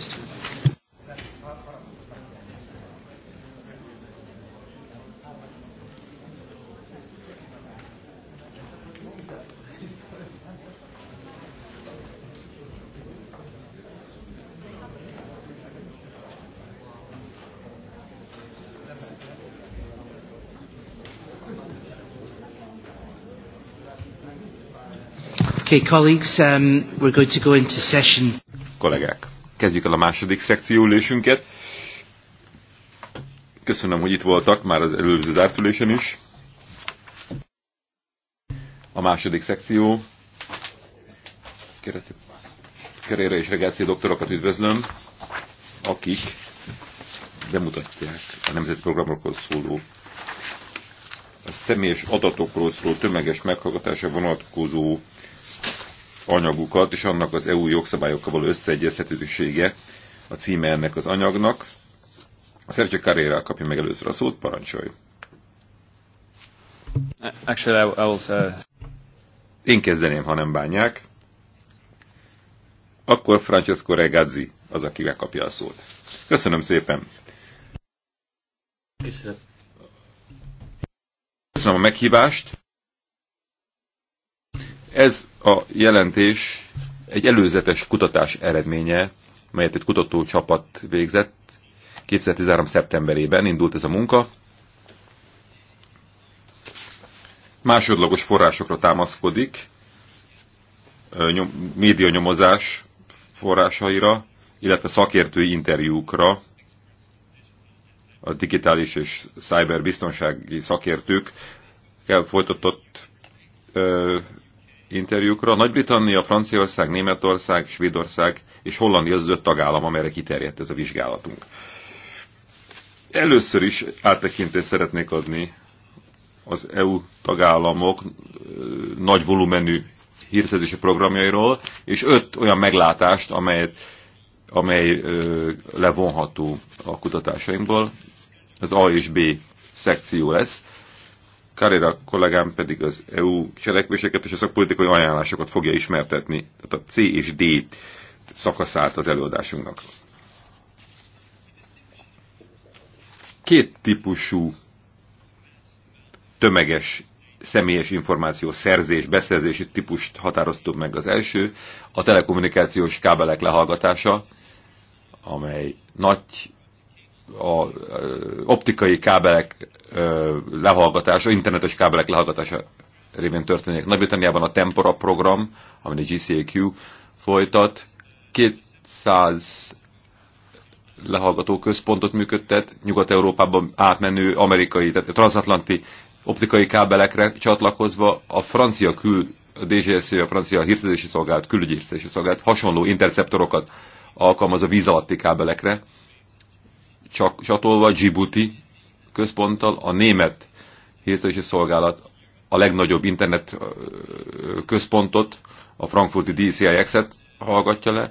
Köszönöm. Okay, colleagues, um, we're going to go into session. Kollégák, kezdjük el a második szekció ülésünket. Köszönöm, hogy itt voltak már az előző zárt ülésen is. A második szekció. Kerére és regáció doktorokat üdvözlöm, akik bemutatják a nemzeti programokról szóló a személyes adatokról szóló tömeges meghallgatása vonatkozó anyagukat és annak az EU jogszabályokkal való összeegyeztetősége a címe ennek az anyagnak. A Sergio Carrera kapja meg először a szót, parancsolj. Actually, I will, Én kezdeném, ha nem bánják. Akkor Francesco Regazzi az, aki megkapja a szót. Köszönöm szépen! Köszönöm a meghívást. Ez a jelentés egy előzetes kutatás eredménye, melyet egy kutatócsapat végzett 2013. szeptemberében indult ez a munka. Másodlagos forrásokra támaszkodik, média nyomozás forrásaira, illetve szakértői interjúkra, a digitális és cyberbiztonsági szakértőkkel folytatott interjúkra. Nagy-Britannia, Franciaország, Németország, Svédország és Hollandia az öt tagállam, amelyre kiterjedt ez a vizsgálatunk. Először is áttekintést szeretnék adni az EU tagállamok nagy volumenű hírszerzési programjairól, és öt olyan meglátást, amelyet, amely levonható a kutatásainkból. Az A és B szekció lesz. Karira kollégám pedig az EU cselekvéseket és a szakpolitikai ajánlásokat fogja ismertetni, tehát a C és D szakaszát az előadásunknak. Két típusú tömeges személyes információ szerzés, beszerzési típust határoztuk meg az első, a telekommunikációs kábelek lehallgatása, amely nagy a optikai kábelek lehallgatása, internetes kábelek lehallgatása révén történik. Nagy-Britanniában a Tempora program, amin a GCAQ folytat, 200 lehallgató központot működtet, Nyugat-Európában átmenő amerikai, tehát a transatlanti optikai kábelekre csatlakozva a francia kül, a DGSZ, a francia hírszerzési szolgálat, külügyi hírszerzési szolgált hasonló interceptorokat alkalmaz a víz alatti kábelekre, csak csatolva Djibouti központtal a német hírszerzési szolgálat a legnagyobb internet központot, a frankfurti DCIX-et hallgatja le,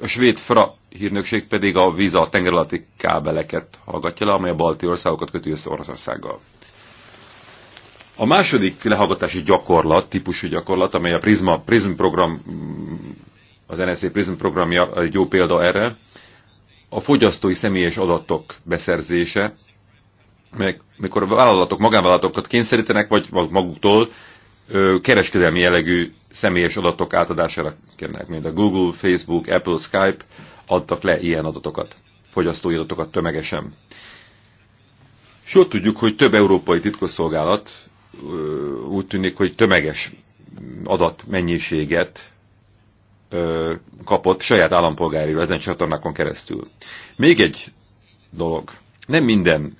a svéd FRA hírnökség pedig a víza, a tenger alatti kábeleket hallgatja le, amely a balti országokat köti össze Oroszországgal. A második lehallgatási gyakorlat, típusú gyakorlat, amely a Prisma, Prism program, mm, az NSZ Prism programja egy jó példa erre, a fogyasztói személyes adatok beszerzése, meg mikor a vállalatok, magánvállalatokat kényszerítenek, vagy maguktól ö, kereskedelmi jellegű személyes adatok átadására kérnek, mint a Google, Facebook, Apple, Skype adtak le ilyen adatokat, fogyasztói adatokat tömegesen. És ott tudjuk, hogy több európai titkosszolgálat úgy tűnik, hogy tömeges adatmennyiséget kapott saját állampolgári ezen csatornákon keresztül. Még egy dolog. Nem minden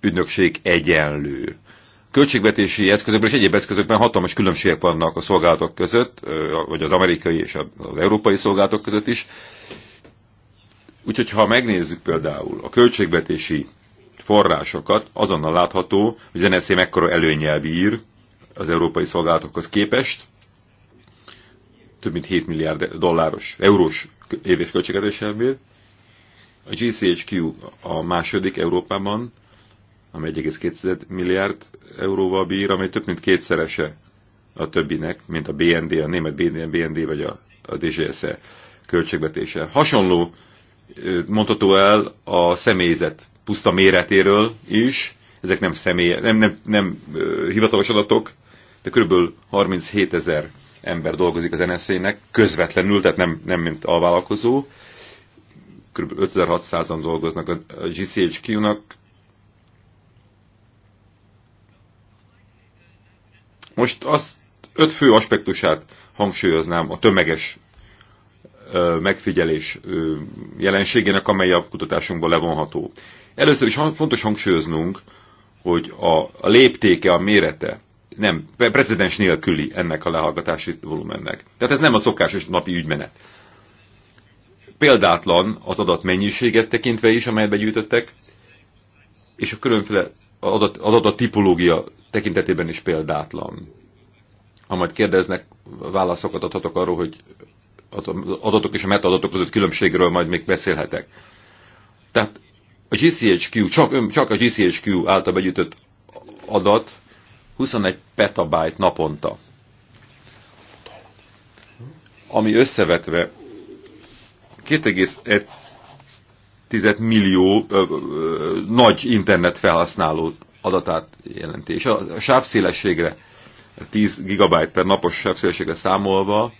ügynökség egyenlő. Költségvetési eszközökben és egyéb eszközökben hatalmas különbségek vannak a szolgálatok között, vagy az amerikai és az európai szolgálatok között is. Úgyhogy ha megnézzük például a költségvetési forrásokat, azonnal látható, hogy az NSZ mekkora előnyel bír az európai szolgálatokhoz képest, több mint 7 milliárd dolláros, eurós éves költségvetéssel bír. A GCHQ a második Európában, ami 1,2 milliárd euróval bír, amely több mint kétszerese a többinek, mint a BND, a német BND, BND vagy a, a DGSE költségvetése. Hasonló mondható el a személyzet puszta méretéről is, ezek nem, személy, nem, nem, nem hivatalos adatok, de kb. 37 ezer ember dolgozik az NSZ-nek, közvetlenül, tehát nem, nem mint alvállalkozó. Kb. 5600-an dolgoznak a GCHQ-nak. Most azt öt fő aspektusát hangsúlyoznám a tömeges megfigyelés jelenségének, amely a kutatásunkból levonható. Először is fontos hangsúlyoznunk, hogy a léptéke, a mérete nem, precedens nélküli ennek a lehallgatási volumennek. Tehát ez nem a szokásos napi ügymenet. Példátlan az adat mennyiséget tekintve is, amelyet begyűjtöttek, és a különféle adat, az adat tipológia tekintetében is példátlan. Ha majd kérdeznek, válaszokat adhatok arról, hogy az adatok és a metadatok között különbségről majd még beszélhetek. Tehát a GCHQ, csak, csak a GCHQ által begyűjtött adat 21 petabyte naponta. Ami összevetve 2,1 millió ö, ö, nagy internet felhasználó adatát jelenti. És a sávszélességre, 10 GB per napos sávszélességre számolva,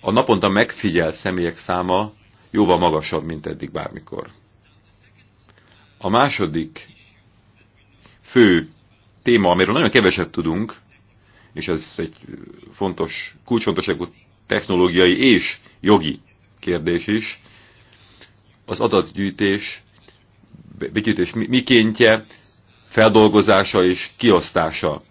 a naponta megfigyelt személyek száma jóval magasabb, mint eddig bármikor. A második fő téma, amiről nagyon keveset tudunk, és ez egy fontos, kulcsfontosságú technológiai és jogi kérdés is, az adatgyűjtés, begyűjtés mikéntje, feldolgozása és kiosztása.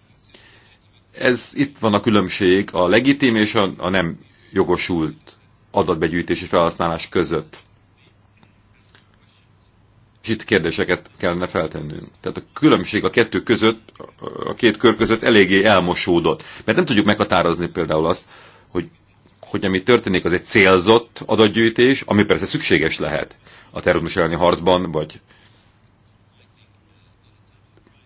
Ez itt van a különbség a legitim és a, a nem jogosult adatbegyűjtési felhasználás között és itt kérdéseket kellene feltennünk. Tehát a különbség a kettő között, a két kör között eléggé elmosódott. Mert nem tudjuk meghatározni például azt, hogy, hogy ami történik, az egy célzott adatgyűjtés, ami persze szükséges lehet a terrorizmus elleni harcban, vagy,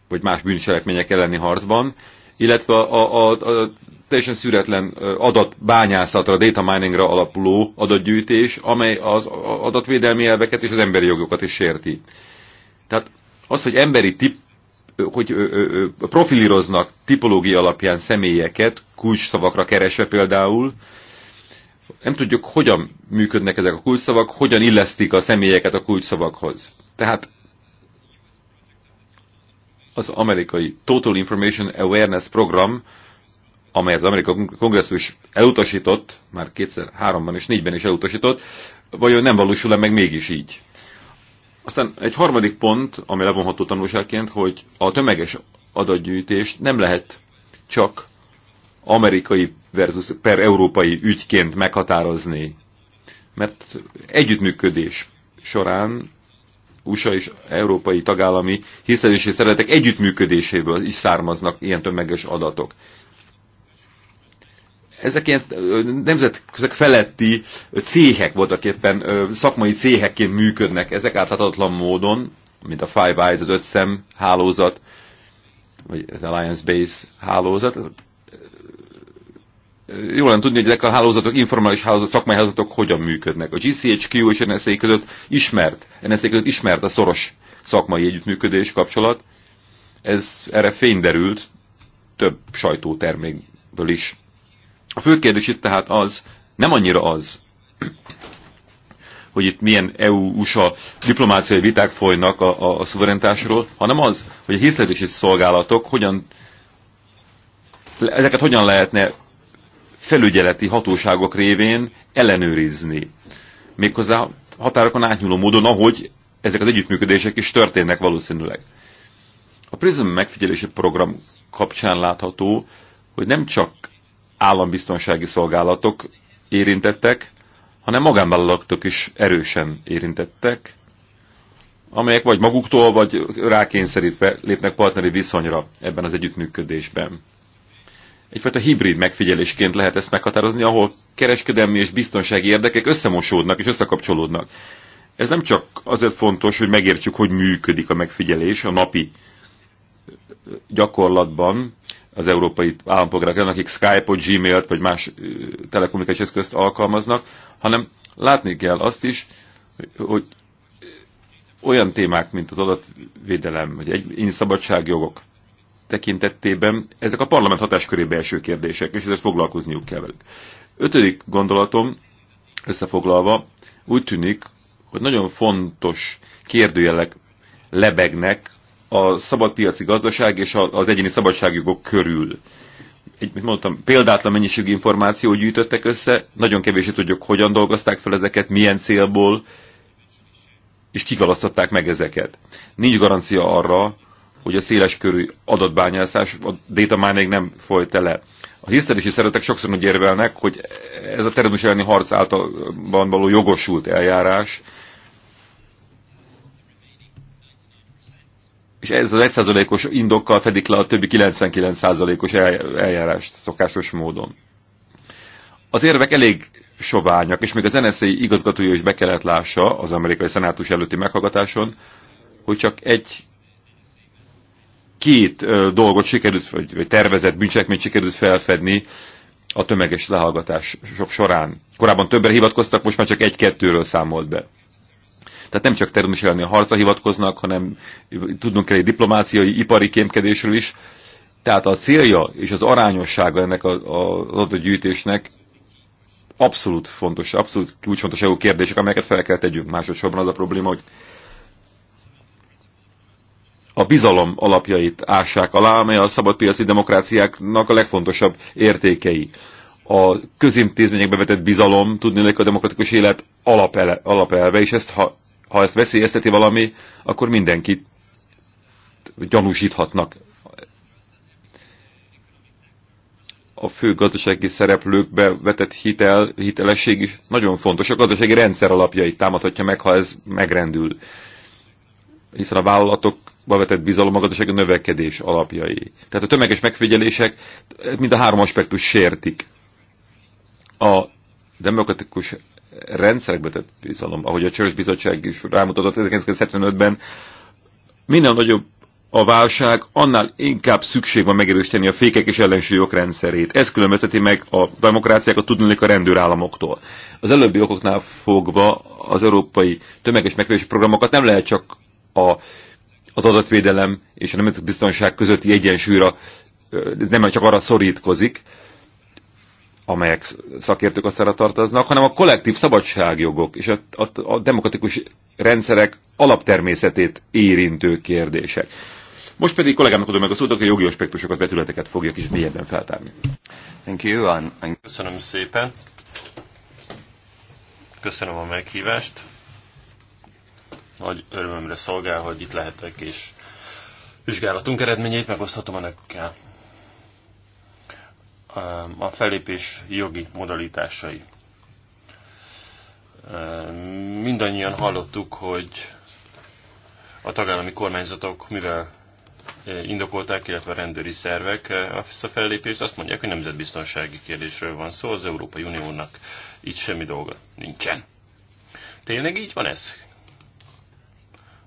vagy más bűncselekmények elleni harcban, illetve a, a, a, a teljesen szüretlen adatbányászatra, data miningra alapuló adatgyűjtés, amely az adatvédelmi elveket és az emberi jogokat is sérti. Tehát az, hogy emberi tip, hogy profiliroznak tipológia alapján személyeket, kulcsszavakra keresve például, nem tudjuk, hogyan működnek ezek a kulcsszavak, hogyan illesztik a személyeket a kulcsszavakhoz. Tehát az amerikai Total Information Awareness program amelyet az amerikai kongresszus elutasított, már kétszer, háromban és négyben is elutasított, vajon nem valósul-e meg mégis így? Aztán egy harmadik pont, ami levonható tanulságként, hogy a tömeges adatgyűjtést nem lehet csak amerikai versus per európai ügyként meghatározni. Mert együttműködés során USA és európai tagállami hírszerzési szeretek együttműködéséből is származnak ilyen tömeges adatok. Ezek ilyen nemzetek feletti céhek voltak éppen, szakmai céhekként működnek, ezek áthatatlan módon, mint a Five Eyes, az ötszem hálózat, vagy az Alliance Base hálózat. Jól nem tudni, hogy ezek a hálózatok, informális hálózatok, szakmai hálózatok hogyan működnek. A GCHQ és NSA között ismert, NSA között ismert a szoros szakmai együttműködés kapcsolat. Ez erre fényderült több sajtótermékből is. A fő kérdés itt tehát az, nem annyira az, hogy itt milyen EU-USA diplomáciai viták folynak a, a, a szuverenitásról, hanem az, hogy a hiszletési szolgálatok hogyan, ezeket hogyan lehetne felügyeleti hatóságok révén ellenőrizni. Méghozzá határokon átnyúló módon, ahogy ezek az együttműködések is történnek valószínűleg. A PRISM megfigyelési program kapcsán látható, hogy nem csak állambiztonsági szolgálatok érintettek, hanem magánvállalatok is erősen érintettek, amelyek vagy maguktól, vagy rákényszerítve lépnek partneri viszonyra ebben az együttműködésben. Egyfajta hibrid megfigyelésként lehet ezt meghatározni, ahol kereskedelmi és biztonsági érdekek összemosódnak és összekapcsolódnak. Ez nem csak azért fontos, hogy megértsük, hogy működik a megfigyelés a napi gyakorlatban, az európai állampolgárok ellen, akik Skype-ot, Gmail-t vagy más telekommunikációs eszközt alkalmaznak, hanem látni kell azt is, hogy olyan témák, mint az adatvédelem, vagy egy szabadságjogok tekintetében, ezek a parlament hatáskörébe első kérdések, és ezért foglalkozniuk kell velük. Ötödik gondolatom, összefoglalva, úgy tűnik, hogy nagyon fontos kérdőjelek lebegnek a szabadpiaci gazdaság és az egyéni szabadságjogok körül. Egy, mint mondtam, példátlan mennyiségű információ gyűjtöttek össze, nagyon kevésé tudjuk, hogyan dolgozták fel ezeket, milyen célból, és kikalasztották meg ezeket. Nincs garancia arra, hogy a körű adatbányászás, a data mining nem folyt le. A hisztelési szeretek sokszor úgy érvelnek, hogy ez a terrorizmus elleni harc általban való jogosult eljárás, és ez az 1%-os indokkal fedik le a többi 99%-os eljárást szokásos módon. Az érvek elég soványak, és még az NSZ-i igazgatója is be kellett lássa az amerikai szenátus előtti meghallgatáson, hogy csak egy két dolgot sikerült, vagy, vagy tervezett bűncselekményt sikerült felfedni a tömeges lehallgatás során. Korábban többre hivatkoztak, most már csak egy-kettőről számolt be. Tehát nem csak természetesen elleni a harca hivatkoznak, hanem tudnunk kell egy diplomáciai, ipari kémkedésről is. Tehát a célja és az arányossága ennek az gyűjtésnek abszolút fontos, abszolút kulcsfontos EU kérdések, amelyeket fel kell tegyünk. Másodszorban az a probléma, hogy a bizalom alapjait ássák alá, amely a szabadpiaci demokráciáknak a legfontosabb értékei. A közintézményekbe vetett bizalom, tudni a demokratikus élet alapele, alapelve, és ezt ha ha ezt veszélyezteti valami, akkor mindenkit gyanúsíthatnak a fő gazdasági szereplőkbe vetett hitel, hitelesség is nagyon fontos. A gazdasági rendszer alapjait támadhatja meg, ha ez megrendül. Hiszen a vállalatokba vetett bizalom a gazdasági növekedés alapjai. Tehát a tömeges megfigyelések mind a három aspektus sértik. A demokratikus rendszerekbe tett bizalom, ahogy a Csörös Bizottság is rámutatott 1975-ben, minél nagyobb a válság, annál inkább szükség van megerősíteni a fékek és ellensúlyok rendszerét. Ez különbözteti meg a demokráciákat tudnék a rendőrállamoktól. Az előbbi okoknál fogva az európai tömeges megfelelési programokat nem lehet csak a, az adatvédelem és a nemzetbiztonság közötti egyensúlyra nem csak arra szorítkozik, amelyek szakértők asztalra tartoznak, hanem a kollektív szabadságjogok és a, a, a demokratikus rendszerek alaptermészetét érintő kérdések. Most pedig kollégámnak adom meg a szót, aki a jogi aspektusokat, vetületeket fogja kicsit mélyebben feltárni. Thank you, and, Köszönöm szépen. Köszönöm a meghívást. Nagy örömömre szolgál, hogy itt lehetek, és vizsgálatunk eredményeit megoszthatom nekünk a felépés jogi modalitásai. Mindannyian hallottuk, hogy a tagállami kormányzatok mivel indokolták, illetve a rendőri szervek ezt a fellépést, azt mondják, hogy nemzetbiztonsági kérdésről van szó, az Európai Uniónak itt semmi dolga nincsen. Tényleg így van ez?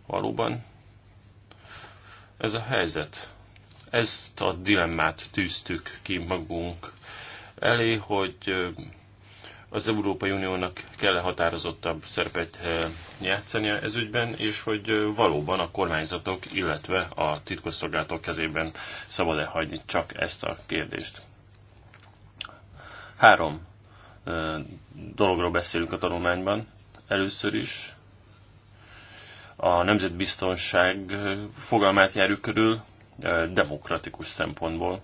Valóban ez a helyzet. Ezt a dilemmát tűztük ki magunk elé, hogy az Európai Uniónak kell -e határozottabb szerepet játszania ez ügyben, és hogy valóban a kormányzatok, illetve a titkosszolgálatok kezében szabad-e hagyni csak ezt a kérdést. Három dologról beszélünk a tanulmányban. Először is a nemzetbiztonság fogalmát járjuk körül, demokratikus szempontból.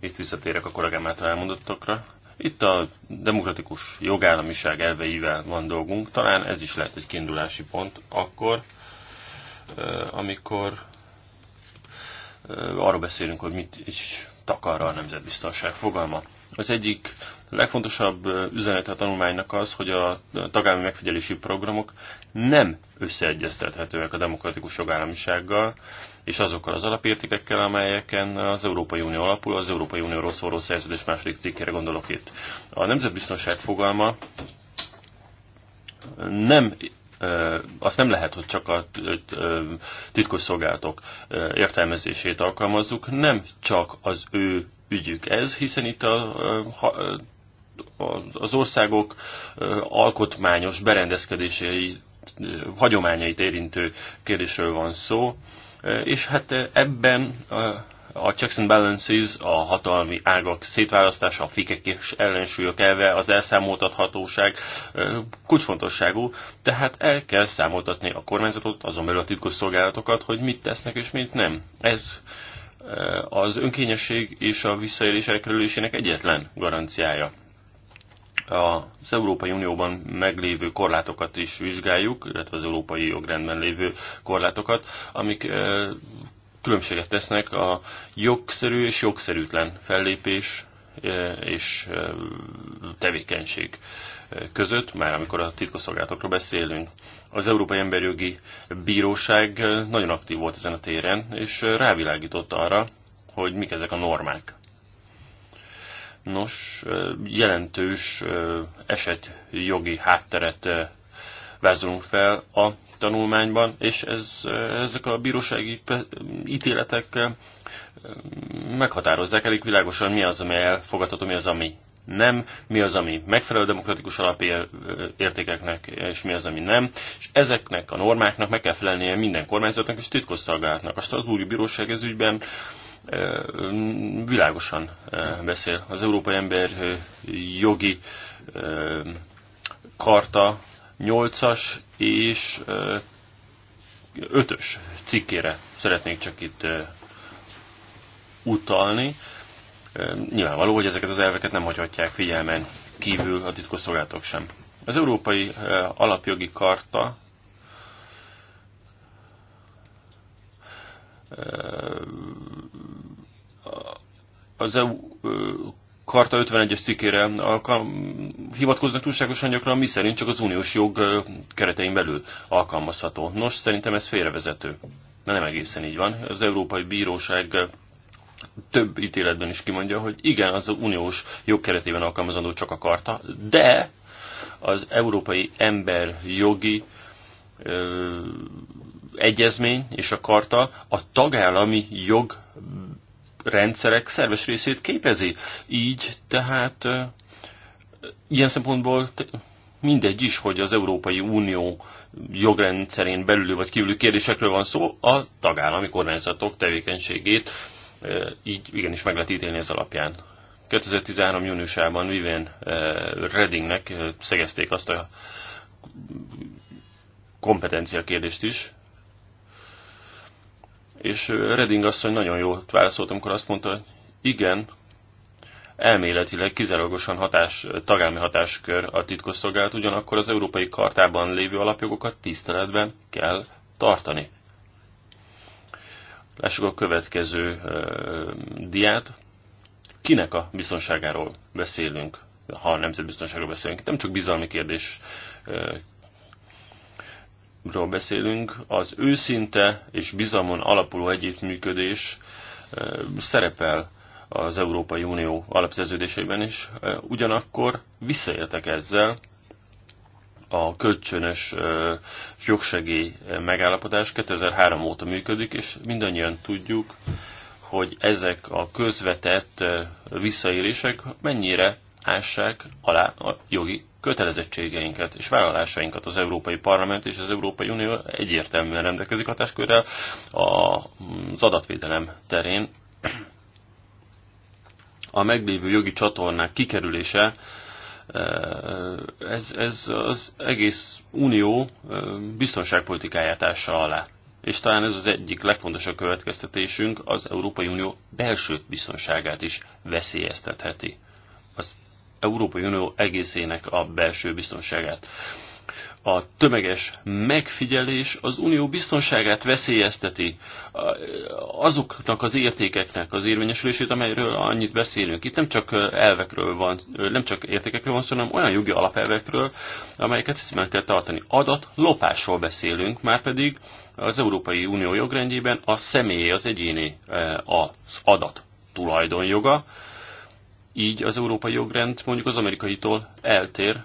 Itt visszatérek a kollégám által elmondottakra. Itt a demokratikus jogállamiság elveivel van dolgunk, talán ez is lehet egy kiindulási pont akkor, amikor arról beszélünk, hogy mit is takarra a nemzetbiztonság fogalma. Az egyik legfontosabb üzenet a tanulmánynak az, hogy a tagállami megfigyelési programok nem összeegyeztethetőek a demokratikus jogállamisággal, és azokkal az alapértékekkel, amelyeken az Európai Unió alapul, az Európai Unióról szóló szerződés második cikkére gondolok itt. A nemzetbiztonság fogalma nem azt nem lehet, hogy csak a titkos szolgálatok értelmezését alkalmazzuk, nem csak az ő ügyük ez, hiszen itt a, a, az országok alkotmányos berendezkedései, hagyományait érintő kérdésről van szó, és hát ebben a checks and balances, a hatalmi ágak szétválasztása, a fikek és ellensúlyok elve, az elszámoltathatóság kulcsfontosságú, tehát el kell számoltatni a kormányzatot, azon belül a titkos szolgálatokat, hogy mit tesznek és mit nem. Ez az önkényesség és a visszaélés elkerülésének egyetlen garanciája. Az Európai Unióban meglévő korlátokat is vizsgáljuk, illetve az európai jogrendben lévő korlátokat, amik különbséget tesznek a jogszerű és jogszerűtlen fellépés és tevékenység között, már amikor a titkosszolgálatokról beszélünk. Az Európai emberi jogi Bíróság nagyon aktív volt ezen a téren, és rávilágított arra, hogy mik ezek a normák. Nos, jelentős eset jogi hátteret vázolunk fel a tanulmányban, és ez, ezek a bírósági ítéletek meghatározzák elég világosan, mi az, ami elfogadható, mi az, ami nem, mi az, ami megfelelő demokratikus alapértékeknek, és mi az, ami nem. És ezeknek a normáknak meg kell felelnie minden kormányzatnak és titkosszolgálatnak. A Strasbourgi Bíróság ez ügyben világosan beszél. Az Európai Ember jogi karta 8-as és 5-ös cikkére szeretnék csak itt utalni. Nyilvánvaló, hogy ezeket az elveket nem hagyhatják figyelmen kívül a titkosszolgálatok sem. Az Európai Alapjogi Karta az EU Karta 51-es cikkére hivatkoznak túlságosan gyakran, mi szerint csak az uniós jog keretein belül alkalmazható. Nos, szerintem ez félrevezető. De nem egészen így van. Az Európai Bíróság több ítéletben is kimondja, hogy igen, az a uniós jogkeretében alkalmazandó csak a karta, de az Európai Emberjogi ö, Egyezmény és a karta a tagállami jogrendszerek szerves részét képezi. Így tehát ö, ilyen szempontból mindegy is, hogy az Európai Unió jogrendszerén belüli vagy kívüli kérdésekről van szó, a tagállami kormányzatok tevékenységét így igenis meg lehet ítélni ez alapján. 2013. júniusában Vivian Reddingnek szegezték azt a kompetencia kérdést is, és Redding asszony nagyon jó, válaszolt, amikor azt mondta, hogy igen, elméletileg kizárólagosan hatás, tagállami hatáskör a titkosszolgálat, ugyanakkor az európai kartában lévő alapjogokat tiszteletben kell tartani. Lássuk a következő diát. Kinek a biztonságáról beszélünk, ha a nemzetbiztonságról beszélünk? Nem csak bizalmi kérdés ról beszélünk, az őszinte és bizalmon alapuló együttműködés szerepel az Európai Unió alapszerződéseiben is, ugyanakkor visszaéltek ezzel, a kölcsönös jogsegi megállapodás 2003 óta működik, és mindannyian tudjuk, hogy ezek a közvetett visszaélések mennyire ássák alá a jogi kötelezettségeinket és vállalásainkat az Európai Parlament és az Európai Unió egyértelműen rendelkezik hatáskörrel az adatvédelem terén. A meglévő jogi csatornák kikerülése Eh, ez, ez az egész unió eh, biztonságpolitikáját ássa alá. És talán ez az egyik legfontosabb következtetésünk, az Európai Unió belső biztonságát is veszélyeztetheti. Az Európai Unió egészének a belső biztonságát a tömeges megfigyelés az unió biztonságát veszélyezteti azoknak az értékeknek az érvényesülését, amelyről annyit beszélünk. Itt nem csak elvekről van, nem csak értékekről van szó, hanem olyan jogi alapelvekről, amelyeket meg kell tartani. Adat lopásról beszélünk, már pedig az Európai Unió jogrendjében a személy az egyéni e, az adat tulajdonjoga, így az európai jogrend mondjuk az amerikaitól eltér,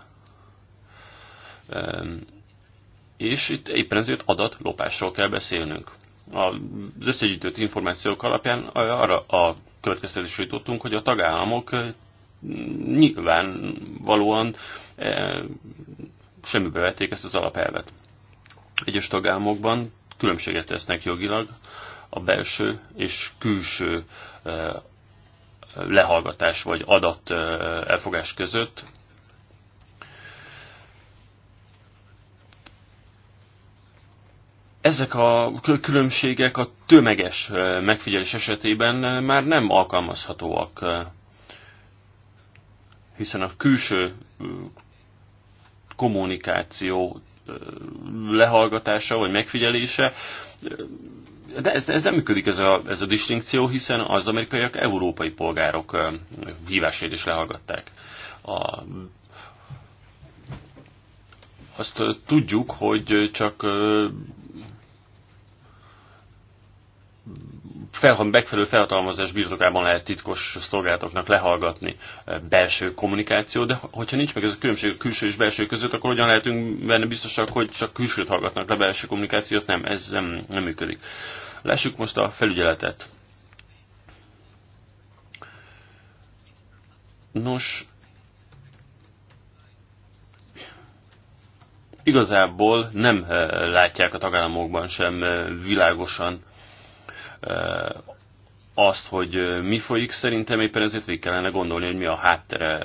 és itt éppen ezért adatlopásról kell beszélnünk. Az összegyűjtött információk alapján arra a következtetésre jutottunk, hogy a tagállamok nyilvánvalóan semmibe vették ezt az alapelvet. Egyes tagállamokban különbséget tesznek jogilag a belső és külső lehallgatás vagy adat elfogás között, ezek a különbségek a tömeges megfigyelés esetében már nem alkalmazhatóak, hiszen a külső kommunikáció lehallgatása vagy megfigyelése. De ez, ez nem működik ez a, ez a distinkció, hiszen az amerikaiak európai polgárok hívásait is lehallgatták. A azt tudjuk, hogy csak felham, megfelelő felhatalmazás birtokában lehet titkos szolgálatoknak lehallgatni belső kommunikáció, de hogyha nincs meg ez a különbség a külső és belső között, akkor hogyan lehetünk benne biztosak, hogy csak külsőt hallgatnak le belső kommunikációt? Nem, ez nem, nem működik. Lássuk most a felügyeletet. Nos, igazából nem eh, látják a tagállamokban sem eh, világosan eh, azt, hogy mi folyik, szerintem éppen ezért végig kellene gondolni, hogy mi a háttere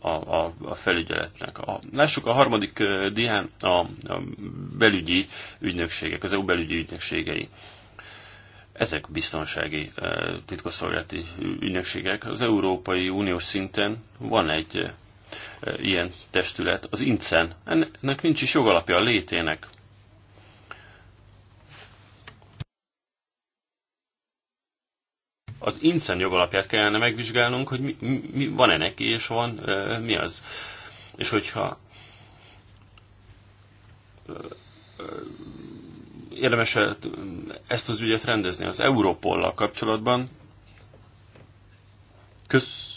a, a, a felügyeletnek. A, lássuk a harmadik dián, a, a belügyi ügynökségek, az EU belügyi ügynökségei. Ezek biztonsági titkosszolgálati ügynökségek. Az Európai Uniós szinten van egy ilyen testület, az INCEN. Ennek nincs is jogalapja a létének. Az INCEN jogalapját kellene megvizsgálnunk, hogy mi, mi van-e neki, és van e, mi az. És hogyha e, e, érdemes ezt az ügyet rendezni az Európollal kapcsolatban. Kösz,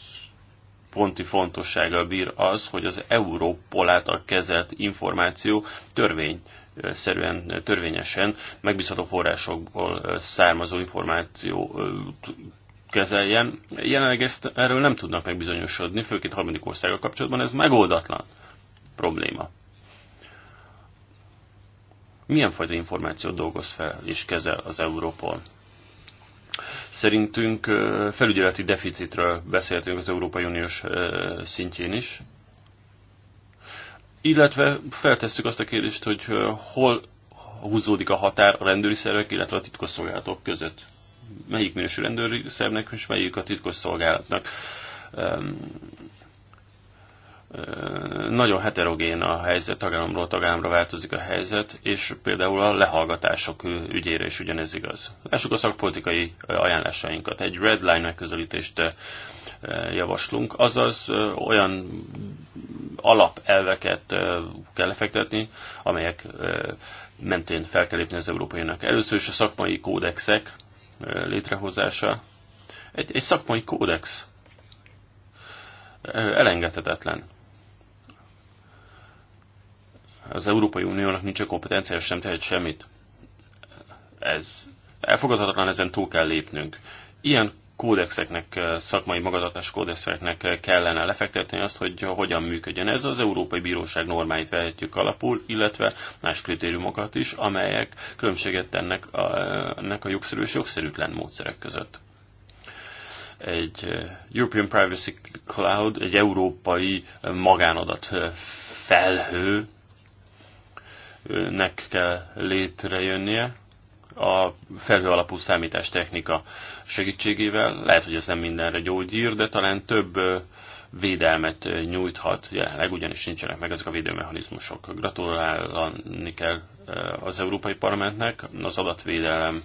központi fontossággal bír az, hogy az Európol által kezelt információ törvény szerűen törvényesen megbízható forrásokból származó információ kezeljen. Jelenleg ezt, erről nem tudnak megbizonyosodni, főként harmadik országgal kapcsolatban ez megoldatlan probléma. Milyen fajta információt dolgoz fel és kezel az Európol? Szerintünk felügyeleti deficitről beszéltünk az Európai Uniós szintjén is. Illetve feltesszük azt a kérdést, hogy hol húzódik a határ a rendőri szervek, illetve a titkos szolgálatok között. Melyik minősül rendőri szervnek, és melyik a titkos szolgálatnak nagyon heterogén a helyzet, tagállamról tagállamra változik a helyzet, és például a lehallgatások ügyére is ugyanez igaz. Lássuk a szakpolitikai ajánlásainkat. Egy red line megközelítést javaslunk, azaz olyan alapelveket kell lefektetni, amelyek mentén fel kell lépni az Önök. Először is a szakmai kódexek létrehozása. Egy, egy szakmai kódex elengedhetetlen az Európai Uniónak nincs a és sem tehet semmit. Ez elfogadhatatlan, ezen túl kell lépnünk. Ilyen kódexeknek, szakmai magatartás kódexeknek kellene lefektetni azt, hogy hogyan működjön. Ez az Európai Bíróság normáit vehetjük alapul, illetve más kritériumokat is, amelyek különbséget tennek a, ennek a jogszerű és jogszerűtlen módszerek között. Egy European Privacy Cloud, egy európai magánadat felhő nek kell létrejönnie a felhő alapú számítástechnika segítségével. Lehet, hogy ez nem mindenre gyógyír, de talán több védelmet nyújthat. Jelenleg ugyanis nincsenek meg ezek a védőmechanizmusok. Gratulálni kell az Európai Parlamentnek az adatvédelem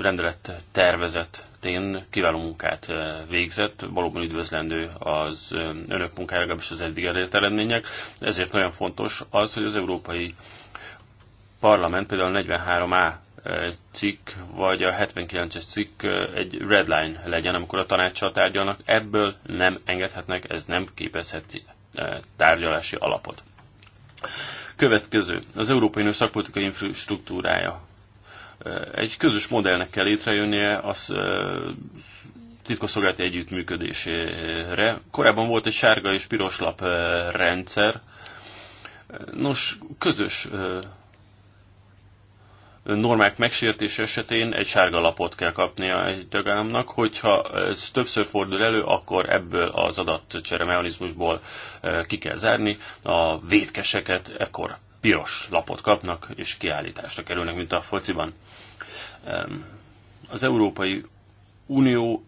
rendelet tervezetén kiváló munkát végzett, valóban üdvözlendő az önök munkája, legalábbis az eddig elért eredmények. Ezért nagyon fontos az, hogy az Európai Parlament például 43A cikk, vagy a 79-es cikk egy red line legyen, amikor a tanácssal tárgyalnak. Ebből nem engedhetnek, ez nem képezheti tárgyalási alapot. Következő. Az Európai Unió szakpolitikai infrastruktúrája egy közös modellnek kell létrejönnie az titkosszolgálati együttműködésére. Korábban volt egy sárga és piros lap rendszer. Nos, közös normák megsértés esetén egy sárga lapot kell kapnia egy tagállamnak, hogyha ez többször fordul elő, akkor ebből az adatcsere mechanizmusból ki kell zárni, a védkeseket ekkor piros lapot kapnak, és kiállításra kerülnek, mint a fociban. Az Európai Unió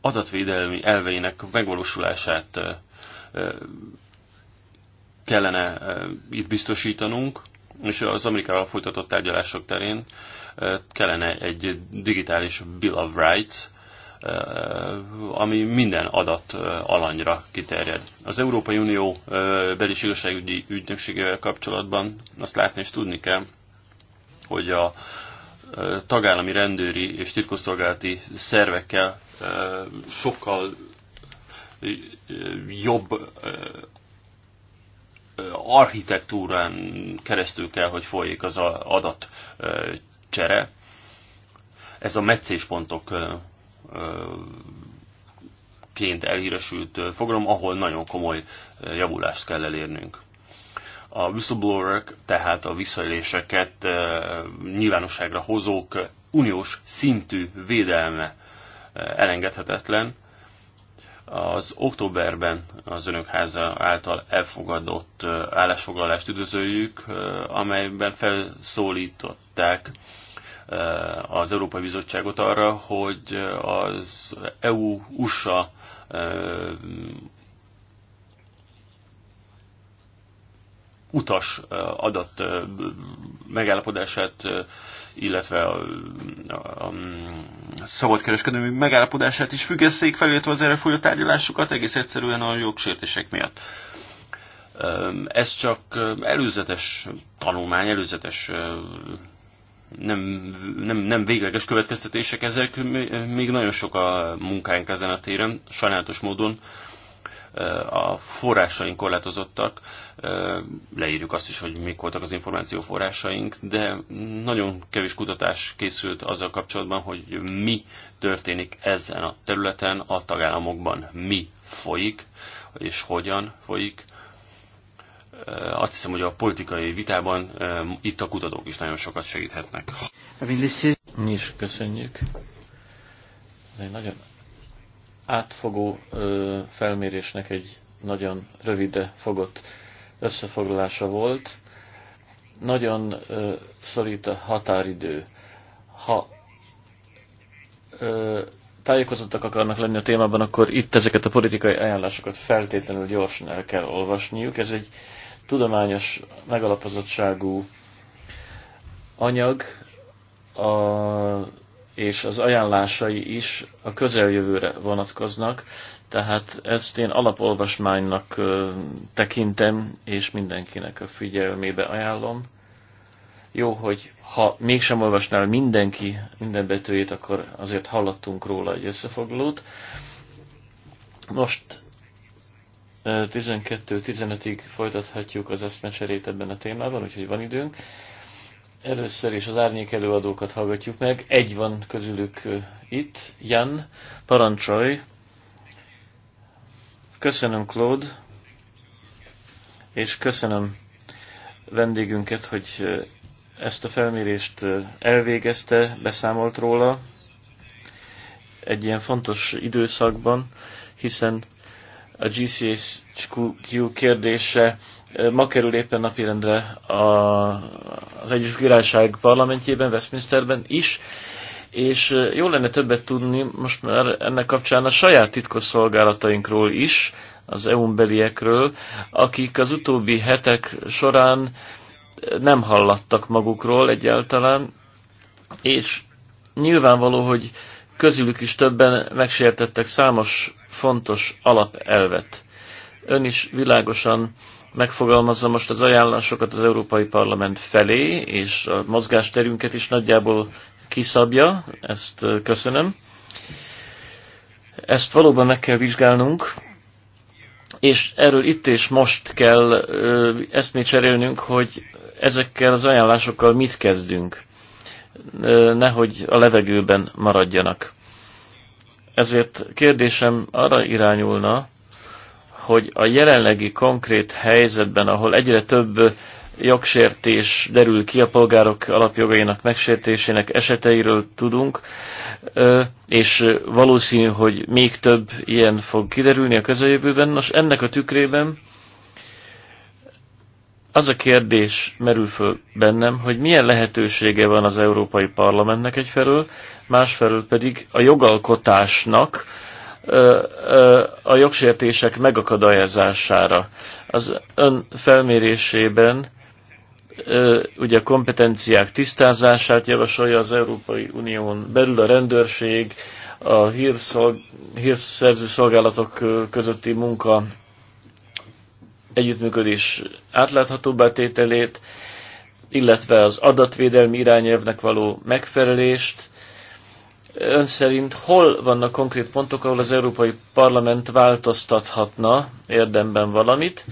adatvédelmi elveinek megvalósulását kellene itt biztosítanunk, és az Amerikával folytatott tárgyalások terén kellene egy digitális Bill of Rights, Eh, ami minden adat eh, alanyra kiterjed. Az Európai Unió eh, beliségösségügyi igazságügyi ügynökségével kapcsolatban azt látni és tudni kell, hogy a tagállami rendőri és titkosszolgálati szervekkel sokkal jobb architektúrán keresztül kell, hogy folyik az adatcsere. Ez a meccéspontok ként elhíresült fogalom, ahol nagyon komoly javulást kell elérnünk. A whistleblowerek, tehát a visszaéléseket nyilvánosságra hozók uniós szintű védelme elengedhetetlen. Az októberben az önök háza által elfogadott állásfoglalást üdvözöljük, amelyben felszólították Eh, az Európai Bizottságot arra, hogy az EU-USA eh, utas eh, adat megállapodását, illetve a, a, a szabadkereskedelmi megállapodását is függesszék fel, illetve az erre folyó tárgyalásokat egész egyszerűen a jogsértések miatt. Ez csak előzetes tanulmány, előzetes nem, nem, nem végleges következtetések ezek, még nagyon sok a munkánk ezen a téren, sajnálatos módon a forrásaink korlátozottak, leírjuk azt is, hogy mik voltak az információ forrásaink, de nagyon kevés kutatás készült azzal kapcsolatban, hogy mi történik ezen a területen, a tagállamokban mi folyik, és hogyan folyik, azt hiszem, hogy a politikai vitában itt a kutatók is nagyon sokat segíthetnek. Mi is köszönjük. egy nagyon átfogó felmérésnek egy nagyon rövide fogott összefoglalása volt. Nagyon szorít a határidő. Ha tájékozottak akarnak lenni a témában, akkor itt ezeket a politikai ajánlásokat feltétlenül gyorsan el kell olvasniuk. Ez egy tudományos megalapozottságú anyag a, és az ajánlásai is a közeljövőre vonatkoznak, tehát ezt én alapolvasmánynak tekintem, és mindenkinek a figyelmébe ajánlom. Jó, hogy ha mégsem olvasnál mindenki minden betűjét, akkor azért hallottunk róla egy összefoglalót. Most 12-15-ig folytathatjuk az eszmecserét ebben a témában, úgyhogy van időnk. Először is az árnyék előadókat hallgatjuk meg. Egy van közülük itt, Jan, parancsolj. Köszönöm, Claude, és köszönöm vendégünket, hogy ezt a felmérést elvégezte, beszámolt róla egy ilyen fontos időszakban, hiszen a GCHQ kérdése ma kerül éppen napirendre a, az Egyes Királyság parlamentjében, Westminsterben is, és jó lenne többet tudni most már ennek kapcsán a saját titkosszolgálatainkról is, az EU-n beliekről, akik az utóbbi hetek során nem hallattak magukról egyáltalán, és nyilvánvaló, hogy közülük is többen megsértettek számos fontos alapelvet. Ön is világosan megfogalmazza most az ajánlásokat az Európai Parlament felé, és a mozgásterünket is nagyjából kiszabja, ezt köszönöm. Ezt valóban meg kell vizsgálnunk, és erről itt és most kell ezt még cserélnünk, hogy ezekkel az ajánlásokkal mit kezdünk, nehogy a levegőben maradjanak. Ezért kérdésem arra irányulna, hogy a jelenlegi konkrét helyzetben, ahol egyre több jogsértés derül ki a polgárok alapjogainak megsértésének eseteiről tudunk, és valószínű, hogy még több ilyen fog kiderülni a közeljövőben. Nos, ennek a tükrében az a kérdés merül föl bennem, hogy milyen lehetősége van az Európai Parlamentnek egyfelől, másfelől pedig a jogalkotásnak a jogsértések megakadályozására. Az ön felmérésében ugye a kompetenciák tisztázását javasolja az Európai Unión belül a rendőrség, a hírszolg, hírszerző szolgálatok közötti munka együttműködés átláthatóbb tételét, illetve az adatvédelmi irányelvnek való megfelelést. Ön szerint hol vannak konkrét pontok, ahol az Európai Parlament változtathatna érdemben valamit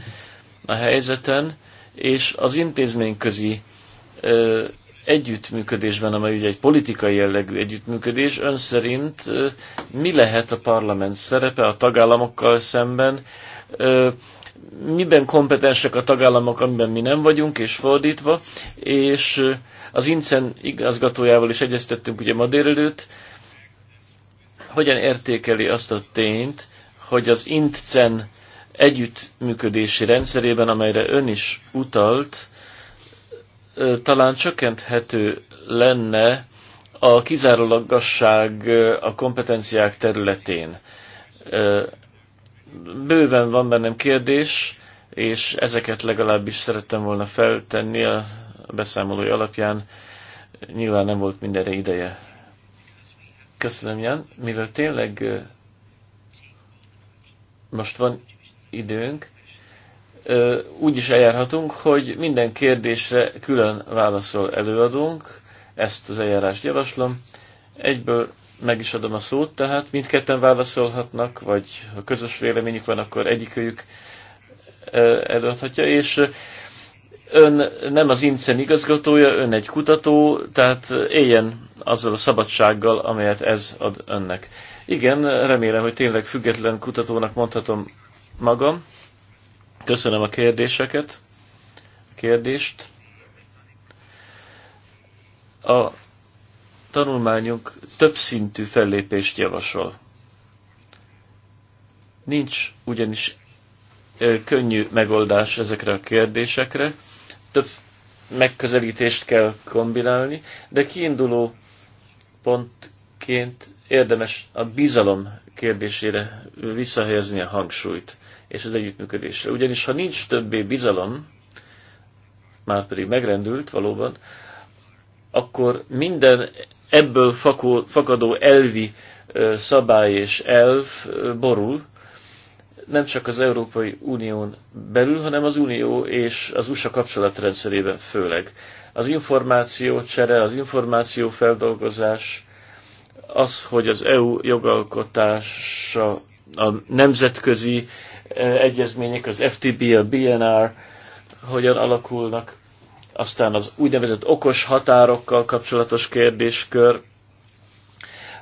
a helyzeten, és az intézményközi ö, együttműködésben, amely ugye egy politikai jellegű együttműködés, ön szerint mi lehet a parlament szerepe a tagállamokkal szemben? miben kompetensek a tagállamok, amiben mi nem vagyunk, és fordítva, és az INCEN igazgatójával is egyeztettünk ugye ma délelőtt, hogyan értékeli azt a tényt, hogy az INCEN együttműködési rendszerében, amelyre ön is utalt, talán csökkenthető lenne a kizárólagosság a kompetenciák területén bőven van bennem kérdés, és ezeket legalábbis szerettem volna feltenni a beszámolói alapján. Nyilván nem volt mindenre ideje. Köszönöm, Jan. Mivel tényleg most van időnk, úgy is eljárhatunk, hogy minden kérdésre külön válaszol előadunk, ezt az eljárást javaslom. Egyből meg is adom a szót, tehát mindketten válaszolhatnak, vagy ha közös véleményük van, akkor egyikőjük előadhatja, és ön nem az INCEN igazgatója, ön egy kutató, tehát éljen azzal a szabadsággal, amelyet ez ad önnek. Igen, remélem, hogy tényleg független kutatónak mondhatom magam. Köszönöm a kérdéseket, kérdést. A tanulmányunk többszintű fellépést javasol. Nincs ugyanis könnyű megoldás ezekre a kérdésekre, több megközelítést kell kombinálni, de kiinduló pontként érdemes a bizalom kérdésére visszahelyezni a hangsúlyt és az együttműködésre. Ugyanis ha nincs többé bizalom, már pedig megrendült valóban, akkor minden ebből fakadó elvi szabály és elv borul, nem csak az Európai Unión belül, hanem az Unió és az USA kapcsolatrendszerében főleg. Az információ csere, az információ feldolgozás, az, hogy az EU jogalkotása, a nemzetközi egyezmények, az FTB, a BNR hogyan alakulnak, aztán az úgynevezett okos határokkal kapcsolatos kérdéskör,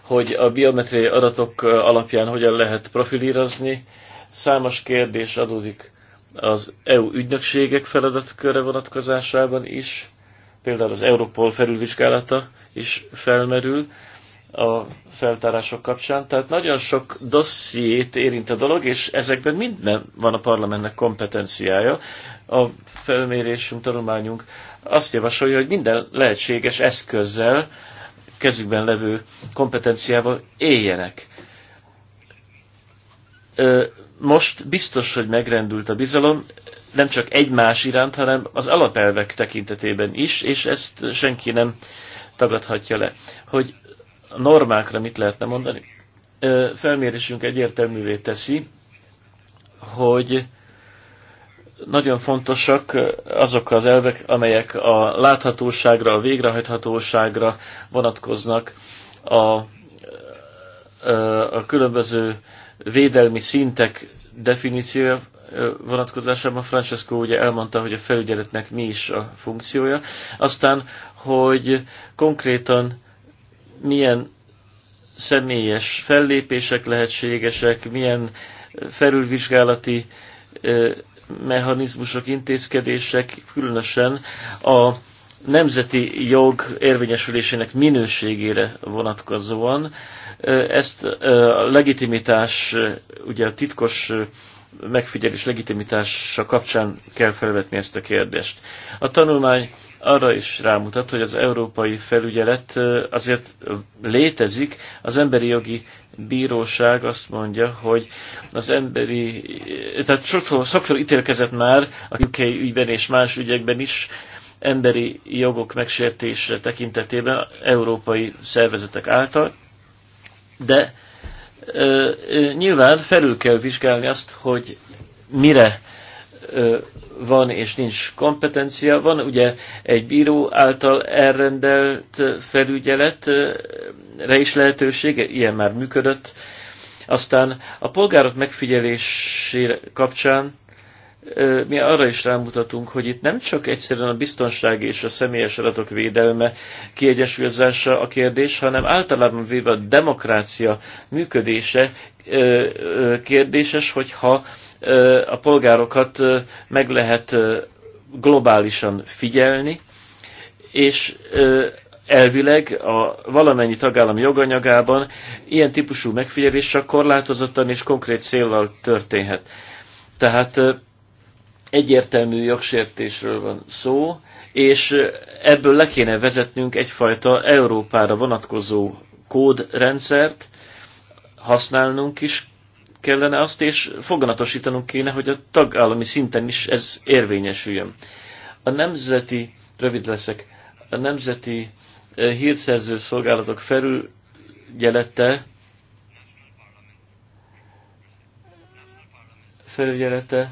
hogy a biometriai adatok alapján hogyan lehet profilírozni. Számos kérdés adódik az EU ügynökségek feladatköre vonatkozásában is, például az Europol felülvizsgálata is felmerül, a feltárások kapcsán. Tehát nagyon sok dossziét érint a dolog, és ezekben minden van a parlamentnek kompetenciája. A felmérésünk, tanulmányunk azt javasolja, hogy minden lehetséges eszközzel, kezükben levő kompetenciával éljenek. Most biztos, hogy megrendült a bizalom, nem csak egymás iránt, hanem az alapelvek tekintetében is, és ezt senki nem tagadhatja le, hogy a normákra mit lehetne mondani? Felmérésünk egyértelművé teszi, hogy nagyon fontosak azok az elvek, amelyek a láthatóságra, a végrehajthatóságra vonatkoznak, a, a különböző védelmi szintek definíciója vonatkozásában Francesco ugye elmondta, hogy a felügyeletnek mi is a funkciója. Aztán, hogy konkrétan milyen személyes fellépések lehetségesek, milyen felülvizsgálati mechanizmusok, intézkedések, különösen a nemzeti jog érvényesülésének minőségére vonatkozóan. Ezt a legitimitás, ugye a titkos megfigyelés legitimitása kapcsán kell felvetni ezt a kérdést. A tanulmány arra is rámutat, hogy az európai felügyelet azért létezik. Az emberi jogi bíróság azt mondja, hogy az emberi, tehát sokszor, sokszor ítélkezett már a UK ügyben és más ügyekben is emberi jogok megsértése tekintetében európai szervezetek által, de Nyilván felül kell vizsgálni azt, hogy mire van és nincs kompetencia. Van ugye egy bíró által elrendelt felügyeletre is lehetőség, ilyen már működött. Aztán a polgárok megfigyelésére kapcsán mi arra is rámutatunk, hogy itt nem csak egyszerűen a biztonság és a személyes adatok védelme kiegyesülzása a kérdés, hanem általában véve a demokrácia működése kérdéses, hogyha a polgárokat meg lehet globálisan figyelni, és elvileg a valamennyi tagállam joganyagában ilyen típusú megfigyelés csak korlátozottan és konkrét céllal történhet. Tehát egyértelmű jogsértésről van szó, és ebből le kéne vezetnünk egyfajta Európára vonatkozó kódrendszert, használnunk is kellene azt, és foganatosítanunk kéne, hogy a tagállami szinten is ez érvényesüljön. A nemzeti, rövid leszek, a nemzeti eh, hírszerző szolgálatok felügyelete felügyelete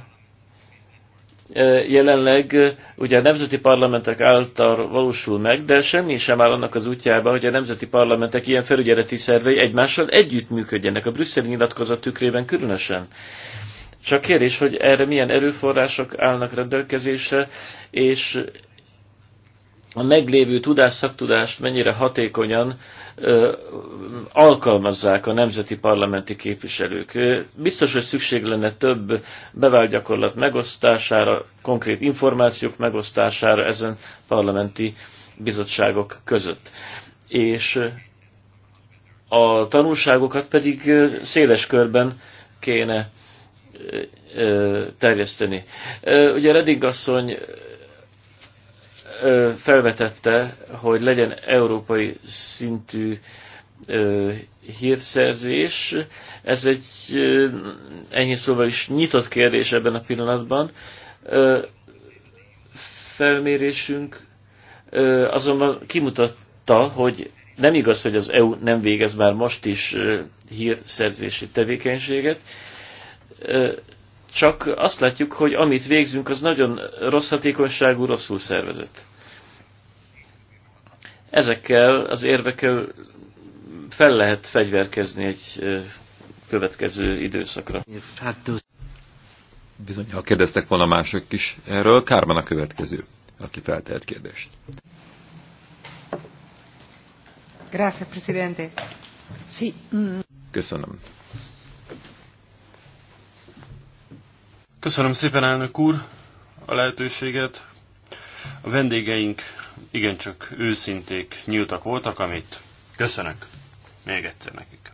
jelenleg ugye a nemzeti parlamentek által valósul meg, de semmi sem áll annak az útjába, hogy a nemzeti parlamentek ilyen felügyeleti szervei egymással együttműködjenek, a brüsszeli nyilatkozat tükrében különösen. Csak kérdés, hogy erre milyen erőforrások állnak rendelkezésre, és a meglévő tudás, szaktudást mennyire hatékonyan ö, alkalmazzák a nemzeti parlamenti képviselők. Biztos, hogy szükség lenne több bevált gyakorlat megosztására, konkrét információk megosztására ezen parlamenti bizottságok között. És a tanulságokat pedig széles körben kéne terjeszteni. Ugye Redding asszony felvetette, hogy legyen európai szintű hírszerzés. Ez egy ennyi szóval is nyitott kérdés ebben a pillanatban. Felmérésünk azonban kimutatta, hogy nem igaz, hogy az EU nem végez már most is hírszerzési tevékenységet, csak azt látjuk, hogy amit végzünk, az nagyon rossz hatékonyságú, rosszul szervezett. Ezekkel az érvekkel fel lehet fegyverkezni egy következő időszakra. Bizony, ha kérdeztek volna mások is erről, Kármán a következő, aki feltehet kérdést. Grazie, Presidente. Sí. Mm. Köszönöm. Köszönöm szépen, elnök úr, a lehetőséget, a vendégeink igencsak őszinték, nyíltak voltak, amit köszönök még egyszer nekik.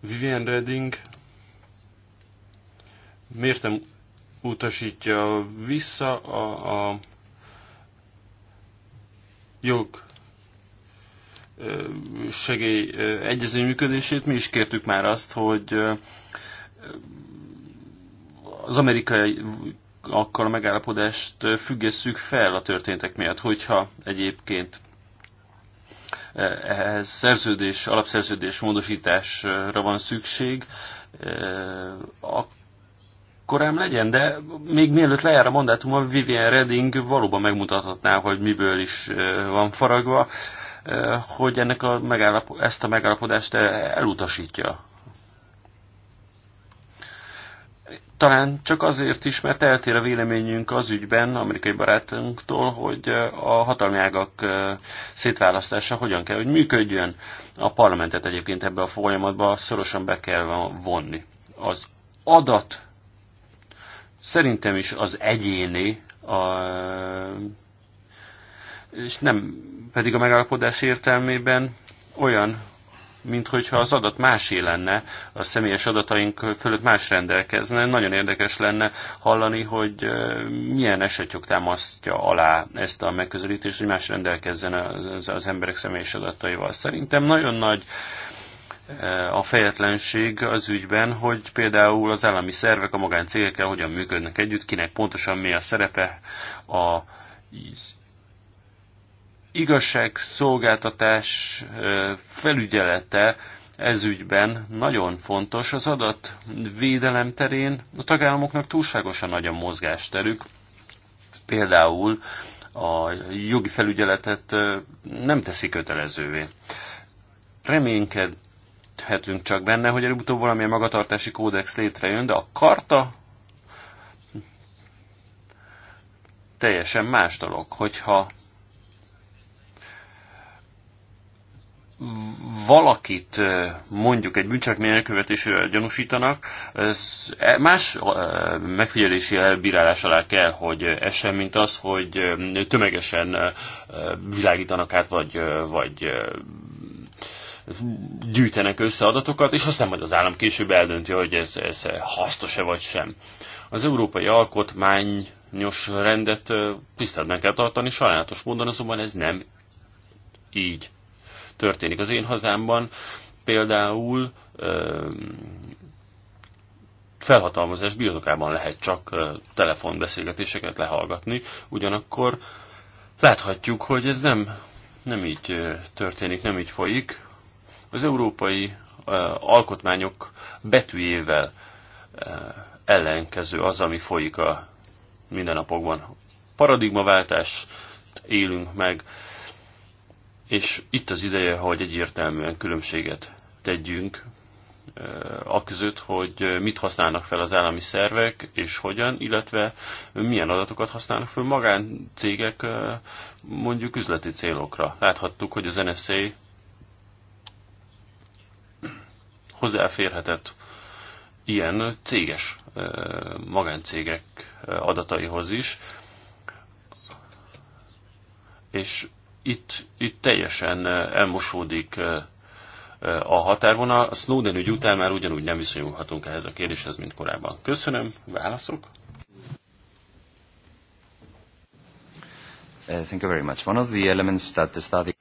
Vivian Redding miért nem utasítja vissza a, a jog segély egyezmény működését. Mi is kértük már azt, hogy az amerikai akkal a megállapodást függesszük fel a történtek miatt, hogyha egyébként ehhez szerződés, alapszerződés módosításra van szükség, akkor ám legyen, de még mielőtt lejár a mandátum, a Vivian Redding valóban megmutathatná, hogy miből is van faragva, hogy ennek a megállap, ezt a megállapodást elutasítja Talán csak azért is, mert eltér a véleményünk az ügyben, amerikai barátunktól, hogy a hatalmi ágak szétválasztása hogyan kell, hogy működjön. A parlamentet egyébként ebbe a folyamatba szorosan be kell vonni. Az adat szerintem is az egyéni, a, és nem pedig a megállapodás értelmében olyan mint hogyha az adat másé lenne, a személyes adataink fölött más rendelkezne. Nagyon érdekes lenne hallani, hogy milyen esetjog támasztja alá ezt a megközelítést, hogy más rendelkezzen az, az emberek személyes adataival. Szerintem nagyon nagy a fejetlenség az ügyben, hogy például az állami szervek a magáncégekkel hogyan működnek együtt, kinek pontosan mi a szerepe a igazságszolgáltatás felügyelete ügyben nagyon fontos. Az adatvédelem terén a tagállamoknak túlságosan nagy a mozgásterük. Például a jogi felügyeletet nem teszi kötelezővé. Reménykedhetünk csak benne, hogy előbb-utóbb valamilyen magatartási kódex létrejön, de a karta teljesen más dolog. Hogyha valakit mondjuk egy bűncselekmény elkövetésével gyanúsítanak, e, más megfigyelési elbírálás alá kell, hogy essen, mint az, hogy tömegesen világítanak át, vagy, vagy gyűjtenek össze adatokat, és aztán majd az állam később eldönti, hogy ez, ez hasznos-e vagy sem. Az európai alkotmányos rendet tiszteletben kell tartani, sajnálatos módon azonban ez nem így történik. Az én hazámban például felhatalmazás birtokában lehet csak telefonbeszélgetéseket lehallgatni, ugyanakkor láthatjuk, hogy ez nem, nem így történik, nem így folyik. Az európai alkotmányok betűjével ellenkező az, ami folyik a mindennapokban. Paradigmaváltás élünk meg, és itt az ideje, hogy egyértelműen különbséget tegyünk a között, hogy mit használnak fel az állami szervek, és hogyan, illetve milyen adatokat használnak fel magáncégek mondjuk üzleti célokra. Láthattuk, hogy az NSA hozzáférhetett ilyen céges magáncégek adataihoz is, és itt, itt teljesen elmosódik a határvonal. A Snowden ügy után már ugyanúgy nem viszonyulhatunk ehhez a kérdéshez, mint korábban. Köszönöm, válaszok? Uh, thank you very much. One of the elements that the study...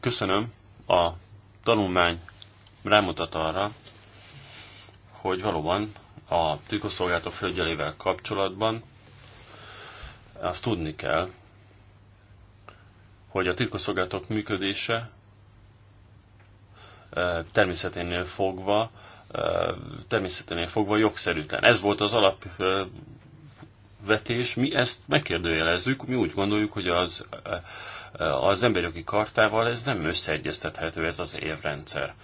Köszönöm. A tanulmány rámutat arra, hogy valóban a titkosszolgálatok földjelével kapcsolatban azt tudni kell, hogy a titkosszolgálatok működése e, természeténél fogva, e, természeténél fogva jogszerűtlen. Ez volt az alapvetés, mi ezt megkérdőjelezzük, mi úgy gondoljuk, hogy az, e, az emberjogi kartával ez nem összeegyeztethető, ez az évrendszer,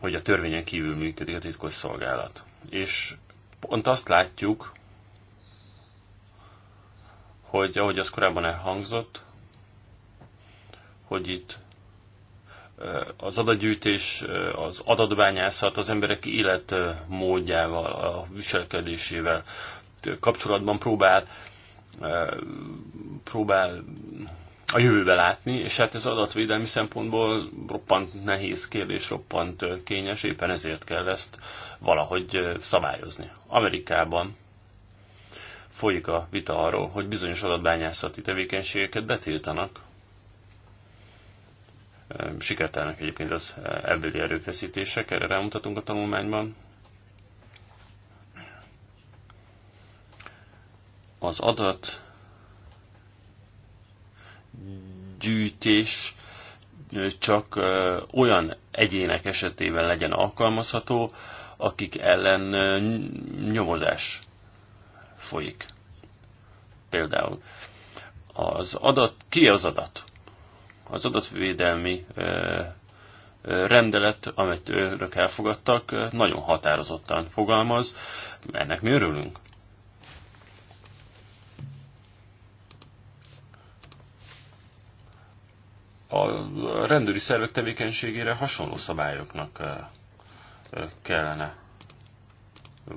hogy a törvényen kívül működik a titkos szolgálat. És pont azt látjuk, hogy ahogy az korábban elhangzott, hogy itt az adatgyűjtés, az adatbányászat az emberek életmódjával, a viselkedésével kapcsolatban próbál, próbál a jövőbe látni, és hát ez adatvédelmi szempontból roppant nehéz kérdés, roppant kényes, éppen ezért kell ezt valahogy szabályozni. Amerikában folyik a vita arról, hogy bizonyos adatbányászati tevékenységeket betiltanak, Sikertelnek egyébként az ebbéli erőfeszítések, erre rámutatunk a tanulmányban. Az adat gyűjtés csak olyan egyének esetében legyen alkalmazható, akik ellen nyomozás folyik. Például az adat, ki az adat? Az adatvédelmi rendelet, amit önök elfogadtak, nagyon határozottan fogalmaz. Ennek mi örülünk? a rendőri szervek tevékenységére hasonló szabályoknak kellene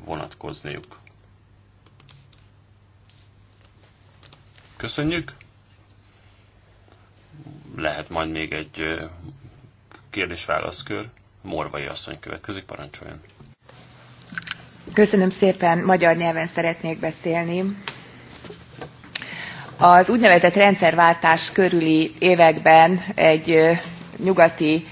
vonatkozniuk. Köszönjük! lehet majd még egy kérdés-válaszkör. Morvai asszony következik, parancsoljon. Köszönöm szépen, magyar nyelven szeretnék beszélni. Az úgynevezett rendszerváltás körüli években egy nyugati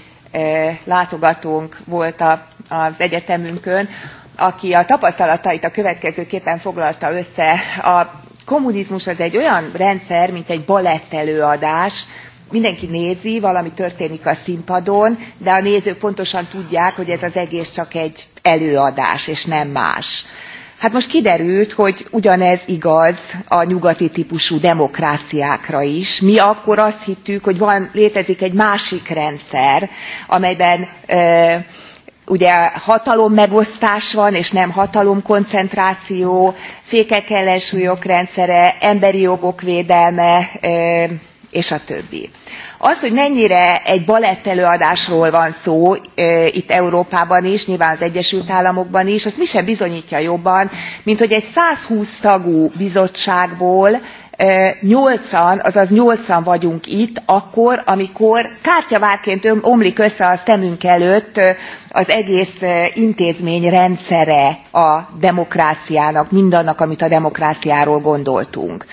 látogatónk volt az egyetemünkön, aki a tapasztalatait a következőképpen foglalta össze. A kommunizmus az egy olyan rendszer, mint egy balettelőadás, mindenki nézi, valami történik a színpadon, de a nézők pontosan tudják, hogy ez az egész csak egy előadás, és nem más. Hát most kiderült, hogy ugyanez igaz a nyugati típusú demokráciákra is. Mi akkor azt hittük, hogy van, létezik egy másik rendszer, amelyben ö, ugye megosztás van és nem hatalomkoncentráció, fékek ellensúlyok rendszere, emberi jogok védelme, ö, és a többi. az hogy mennyire egy balettelőadásról van szó itt európában is nyilván az egyesült államokban is azt mi sem bizonyítja jobban mint hogy egy 120 tagú bizottságból 80, azaz 80 vagyunk itt akkor amikor kártyavárként omlik össze a szemünk előtt az egész intézmény rendszere a demokráciának mindannak amit a demokráciáról gondoltunk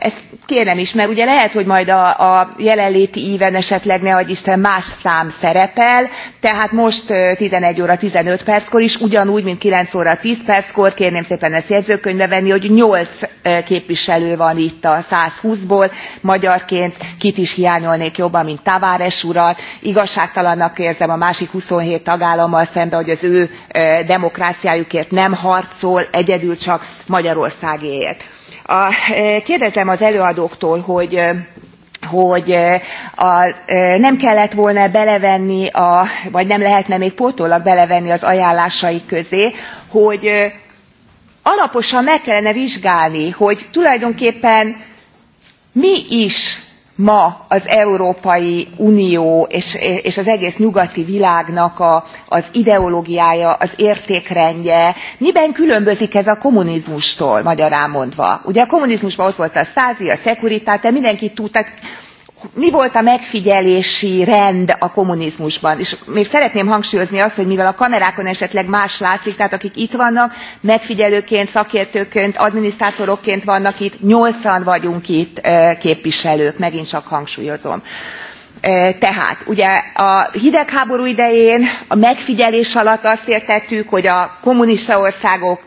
ezt kérem is mert ugye lehet hogy majd a, a jelenléti ven esetleg ne adj isten más szám szerepel tehát most eleven óra fifteen perckor is ugyanúgy mint nine óra ten perckor kérném szépen ezt jegyzőkönyvbe venni hogy 8 képviselő van itt a 120 ból magyarként kit is hiányolnék jobban mint tavares urat igazságtalannak érzem a másik twenty seven tagállammal szemben hogy az ő demokráciájukért nem harcol egyedül csak magyarországéért. A, e, kérdezem az előadóktól hogy e, hogy e, nem kellett volna belevenni vagy nem lehetne még pótollag belevenni az ajánlásaik közé hogy alaposan meg kellene vizsgálni hogy tulajdonképpen mi is ma az európai unió és, és az egész nyugati világnak a, az ideológiája az értékrendje miben különbözik ez a kommunizmustól magyarán mondva? ugye a kommunizmusban ott volt a stasi a securitate mindenki tudta mi volt a megfigyelési rend a kommunizmusban és még szeretném hangsúlyozni azt hogy mivel a kamerákon esetleg más látszik tehát akik itt vannak megfigyelőként szakértőként adminisztrátorokként vannak itt nyolcan vagyunk itt képviselők megint csak hangsúlyozom tehát ugye a hidegháború idején a megfigyelés alatt azt értettük hogy a kommunista országok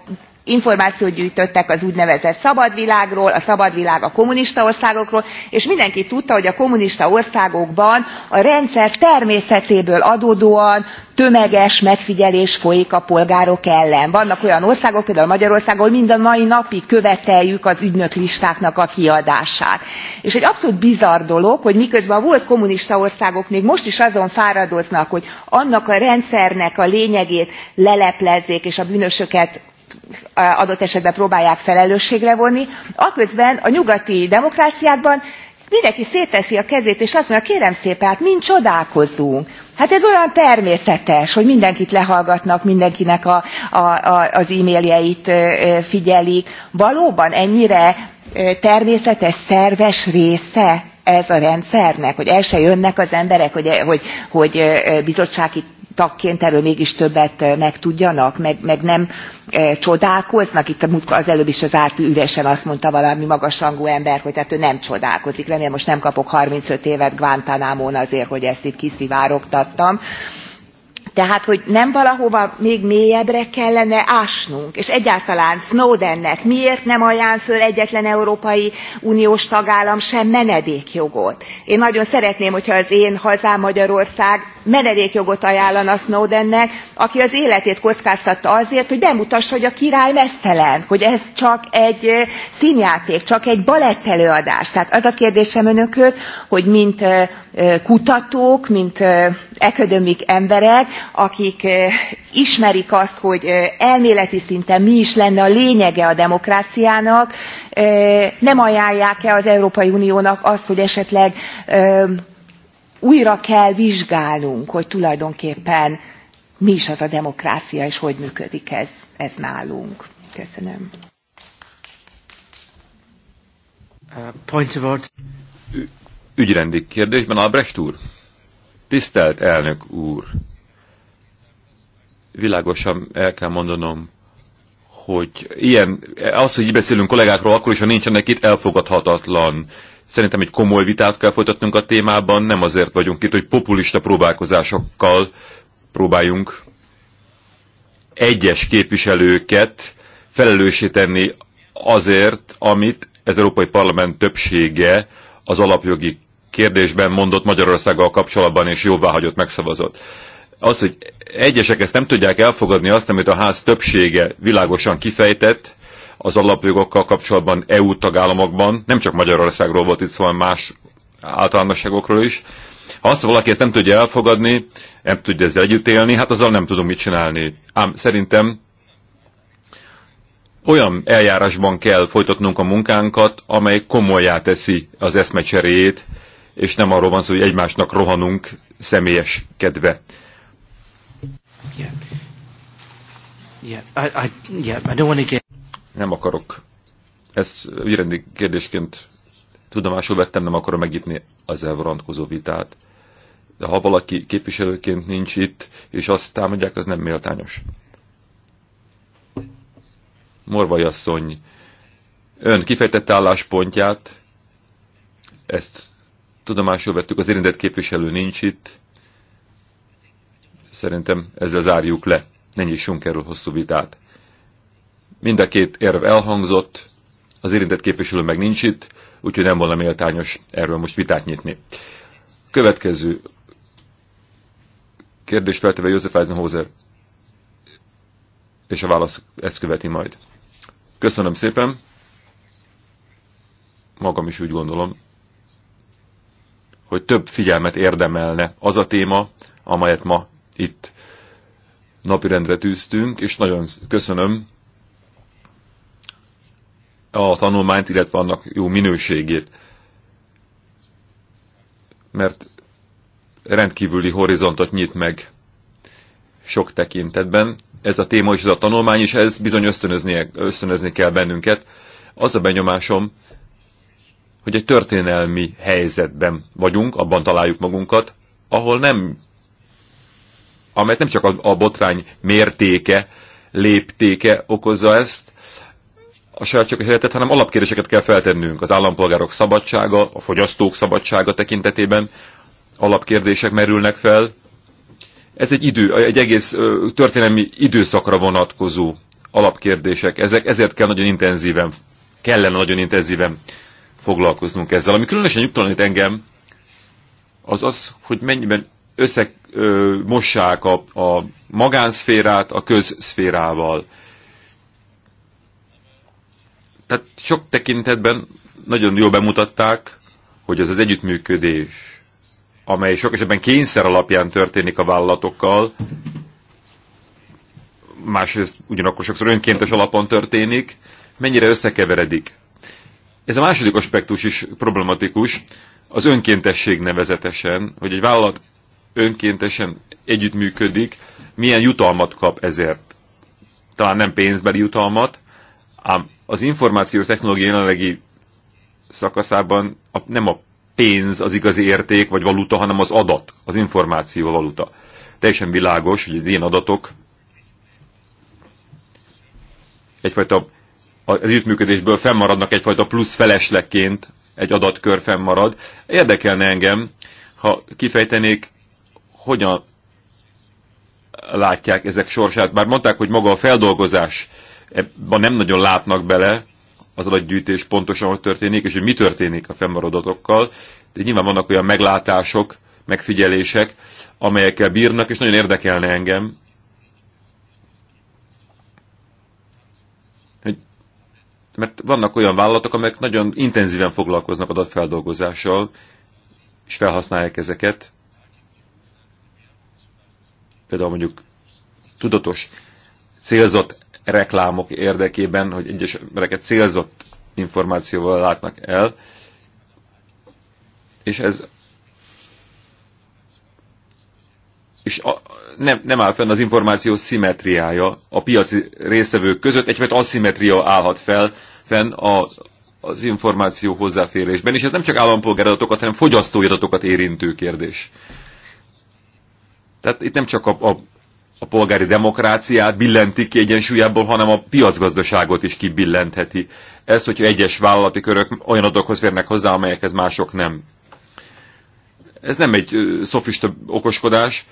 információt gyűjtöttek az úgynevezett szabad világról a szabad világ a kommunista országokról és mindenki tudta hogy a kommunista országokban a rendszer természetéből adódóan tömeges megfigyelés folyik a polgárok ellen. vannak olyan országok például magyarország ahol mind a mai napig követeljük az ügynöklistáknak a kiadását. és egy abszolút bizarr dolog hogy miközben a volt kommunista országok még most is azon fáradoznak hogy annak a rendszernek a lényegét leleplezzék és a bűnösöket adott esetben próbálják felelősségre vonni aközben a nyugati demokráciákban mindenki szétteszi a kezét és azt mondja kérem szépen hát mind csodálkozunk." hát ez olyan természetes hogy mindenkit lehallgatnak mindenkinek a, a, a, az e mailjeit figyelik valóban ennyire természetes szerves része ez a rendszernek hogy el se jönnek az emberek hogy, hogy, hogy bizottsági tagként erről mégis többet megtudjanak, meg, meg nem e, csodálkoznak. Itt az előbb is az árt üresen azt mondta valami magasrangú ember, hogy tehát ő nem csodálkozik. Remélem, most nem kapok 35 évet Guantánamon azért, hogy ezt itt kiszivárogtattam tehát hogy nem valahova még mélyebbre kellene ásnunk és egyáltalán snowdennek miért nem ajánl föl egyetlen európai uniós tagállam sem menedékjogot? én nagyon szeretném hogyha az én hazám magyarország menedékjogot ajánlana snowdennek aki az életét kockáztatta azért hogy bemutassa hogy a király meztelen hogy ez csak egy sznjáték csak egy balettelőadás. tehát az a kérdésem önökhöz hogy mint kutatók mint academic emberek akik ismerik azt hogy elméleti szinten mi is lenne a lényege a demokráciának nem ajánlják e az európai uniónak azt hogy esetleg újra kell vizsgálnunk hogy tulajdonképpen mi is az a demokrácia és hogy működik ez, ez nálunk. Köszönöm. Uh, point of order. Ügyrendi kérdésben Albrecht úr. Tisztelt elnök úr! Világosan el kell mondanom, hogy ilyen, az, hogy így beszélünk kollégákról, akkor is, ha nincsenek itt, elfogadhatatlan. Szerintem egy komoly vitát kell folytatnunk a témában, nem azért vagyunk itt, hogy populista próbálkozásokkal próbáljunk egyes képviselőket felelőssé tenni azért, amit az Európai Parlament többsége az alapjogi kérdésben mondott Magyarországgal kapcsolatban és jóváhagyott megszavazott. Az, hogy egyesek ezt nem tudják elfogadni azt, amit a ház többsége világosan kifejtett, az alapjogokkal kapcsolatban EU tagállamokban, nem csak Magyarországról volt itt szó, hanem más általánosságokról is. Ha azt valaki ezt nem tudja elfogadni, nem tudja ezzel együtt élni, hát azzal nem tudunk mit csinálni. Ám szerintem olyan eljárásban kell folytatnunk a munkánkat, amely komolyá teszi az eszmecseréjét, és nem arról van szó, hogy egymásnak rohanunk személyes kedve. Yeah. Yeah, I, I, yeah, I don't want to get... Nem akarok. Ez ügyrendi kérdésként tudomásul vettem, nem akarom megítni az elvarantkozó vitát. De ha valaki képviselőként nincs itt, és azt támadják, az nem méltányos. Morvai asszony, ön kifejtette álláspontját, ezt tudomásul vettük, az érintett képviselő nincs itt. Szerintem ezzel zárjuk le. Ne nyissunk erről hosszú vitát. Mind a két érv elhangzott, az érintett képviselő meg nincs itt, úgyhogy nem volna méltányos erről most vitát nyitni. Következő kérdés felteve József Eisenhower, és a válasz ezt követi majd. Köszönöm szépen, magam is úgy gondolom, hogy több figyelmet érdemelne az a téma, amelyet ma itt napirendre tűztünk, és nagyon köszönöm a tanulmányt, illetve annak jó minőségét, mert rendkívüli horizontot nyit meg sok tekintetben. Ez a téma és ez a tanulmány, és ez bizony ösztönözni, kell bennünket. Az a benyomásom, hogy egy történelmi helyzetben vagyunk, abban találjuk magunkat, ahol nem, amelyet nem csak a, a botrány mértéke, léptéke okozza ezt, a saját csak a helyetet, hanem alapkérdéseket kell feltennünk az állampolgárok szabadsága, a fogyasztók szabadsága tekintetében alapkérdések merülnek fel. Ez egy idő, egy egész történelmi időszakra vonatkozó alapkérdések. Ezek, ezért kell nagyon intenzíven, kellene nagyon intenzíven foglalkoznunk ezzel. Ami különösen nyugtalanít engem, az az, hogy mennyiben összemossák a, a magánszférát a közszférával. Tehát sok tekintetben nagyon jól bemutatták, hogy az az együttműködés, amely sok esetben kényszer alapján történik a vállalatokkal, másrészt ugyanakkor sokszor önkéntes alapon történik, mennyire összekeveredik ez a második aspektus is problematikus, az önkéntesség nevezetesen, hogy egy vállalat önkéntesen együttműködik, milyen jutalmat kap ezért. Talán nem pénzbeli jutalmat, ám az információs technológia jelenlegi szakaszában a, nem a pénz az igazi érték vagy valuta, hanem az adat, az információ valuta. Teljesen világos, hogy az ilyen adatok egyfajta az együttműködésből fennmaradnak egyfajta plusz feleslegként, egy adatkör fennmarad. Érdekelne engem, ha kifejtenék, hogyan látják ezek sorsát. Bár mondták, hogy maga a feldolgozás, ebben nem nagyon látnak bele, az adatgyűjtés pontosan hogy történik, és hogy mi történik a fennmaradatokkal, de nyilván vannak olyan meglátások, megfigyelések, amelyekkel bírnak, és nagyon érdekelne engem, mert vannak olyan vállalatok, amelyek nagyon intenzíven foglalkoznak adatfeldolgozással, és felhasználják ezeket. Például mondjuk tudatos, célzott reklámok érdekében, hogy egyes embereket célzott információval látnak el, és ez és a, nem, nem áll fenn az információ szimmetriája a piaci részevők között, egyfajta aszimetria állhat fel, fenn a, az információ hozzáférésben, és ez nem csak állampolgári adatokat, hanem fogyasztói adatokat érintő kérdés. Tehát itt nem csak a, a, a polgári demokráciát billentik ki egyensúlyából, hanem a piacgazdaságot is kibillentheti. Ez, hogyha egyes vállalati körök olyan adatokhoz férnek hozzá, amelyekhez mások nem. Ez nem egy szofista okoskodás,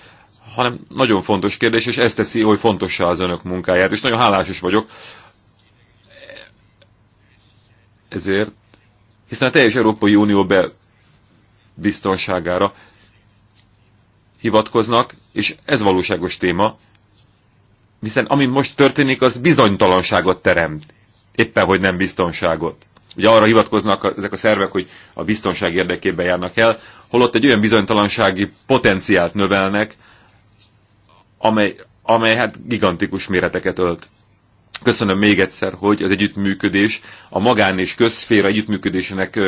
hanem nagyon fontos kérdés, és ez teszi oly fontossá az önök munkáját, és nagyon hálás is vagyok. Ezért, hiszen a teljes Európai Unió be biztonságára hivatkoznak, és ez valóságos téma, hiszen ami most történik, az bizonytalanságot teremt, éppen hogy nem biztonságot. Ugye arra hivatkoznak ezek a szervek, hogy a biztonság érdekében járnak el, holott egy olyan bizonytalansági potenciált növelnek, amely, amely hát gigantikus méreteket ölt. Köszönöm még egyszer, hogy az együttműködés, a magán és közszféra együttműködésének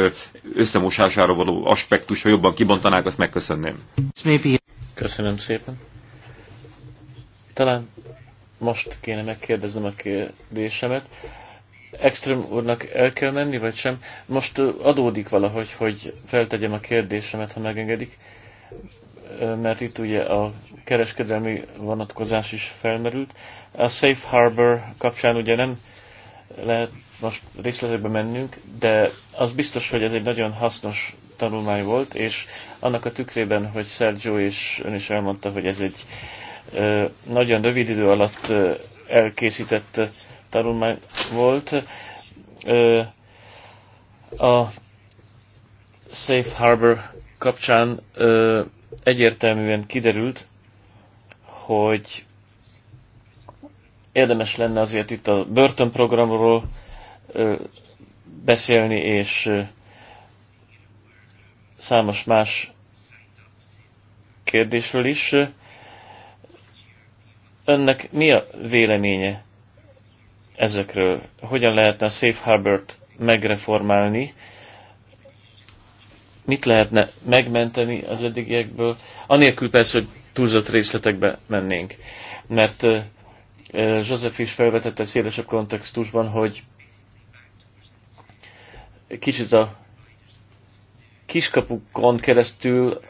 összemosására való aspektus, ha jobban kibontanák, azt megköszönném. Köszönöm szépen. Talán most kéne megkérdeznem a kérdésemet. Extrem úrnak el kell menni, vagy sem? Most adódik valahogy, hogy feltegyem a kérdésemet, ha megengedik mert itt ugye a kereskedelmi vonatkozás is felmerült. A Safe Harbor kapcsán ugye nem lehet most részletekbe mennünk, de az biztos, hogy ez egy nagyon hasznos tanulmány volt, és annak a tükrében, hogy Sergio és ön is elmondta, hogy ez egy nagyon rövid idő alatt elkészített tanulmány volt, a Safe Harbor kapcsán egyértelműen kiderült, hogy érdemes lenne azért itt a börtönprogramról beszélni, és számos más kérdésről is. Önnek mi a véleménye ezekről? Hogyan lehetne a Safe Harbor-t megreformálni, mit lehetne megmenteni az eddigiekből, anélkül persze, hogy túlzott részletekbe mennénk. Mert József is felvetette szélesebb kontextusban, hogy kicsit a kiskapukon keresztül,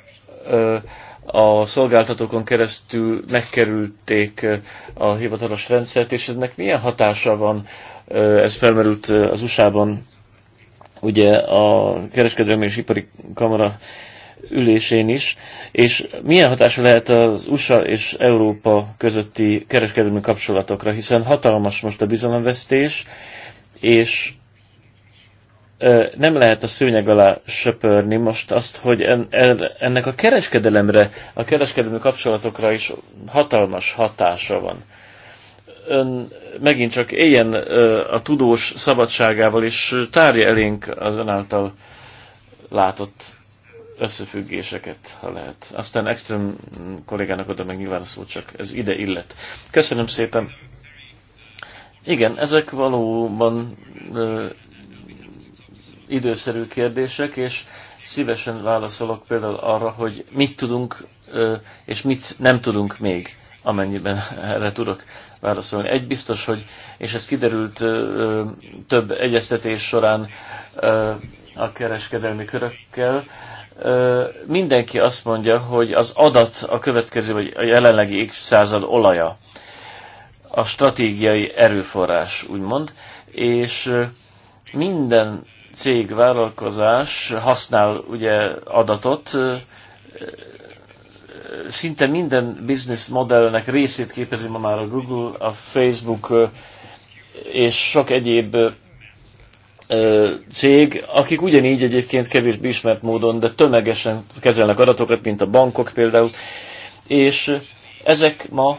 a szolgáltatókon keresztül megkerülték a hivatalos rendszert, és ennek milyen hatása van, ez felmerült az USA-ban ugye a kereskedelmi és ipari kamara ülésén is, és milyen hatása lehet az USA és Európa közötti kereskedelmi kapcsolatokra, hiszen hatalmas most a bizalomvesztés, és nem lehet a szőnyeg alá söpörni most azt, hogy ennek a kereskedelemre, a kereskedelmi kapcsolatokra is hatalmas hatása van ön megint csak éljen a tudós szabadságával, és tárja elénk az ön által látott összefüggéseket, ha lehet. Aztán Extrém kollégának oda meg nyilván szó, csak ez ide illet. Köszönöm szépen. Igen, ezek valóban ö, időszerű kérdések, és szívesen válaszolok például arra, hogy mit tudunk ö, és mit nem tudunk még, amennyiben erre tudok válaszolni. Egy biztos, hogy, és ez kiderült ö, több egyeztetés során ö, a kereskedelmi körökkel, ö, mindenki azt mondja, hogy az adat a következő, vagy a jelenlegi század olaja, a stratégiai erőforrás, úgymond, és minden cég, vállalkozás használ ugye adatot, szinte minden business modellnek részét képezi ma már a Google, a Facebook és sok egyéb cég, akik ugyanígy egyébként kevésbé ismert módon, de tömegesen kezelnek adatokat, mint a bankok például, és ezek ma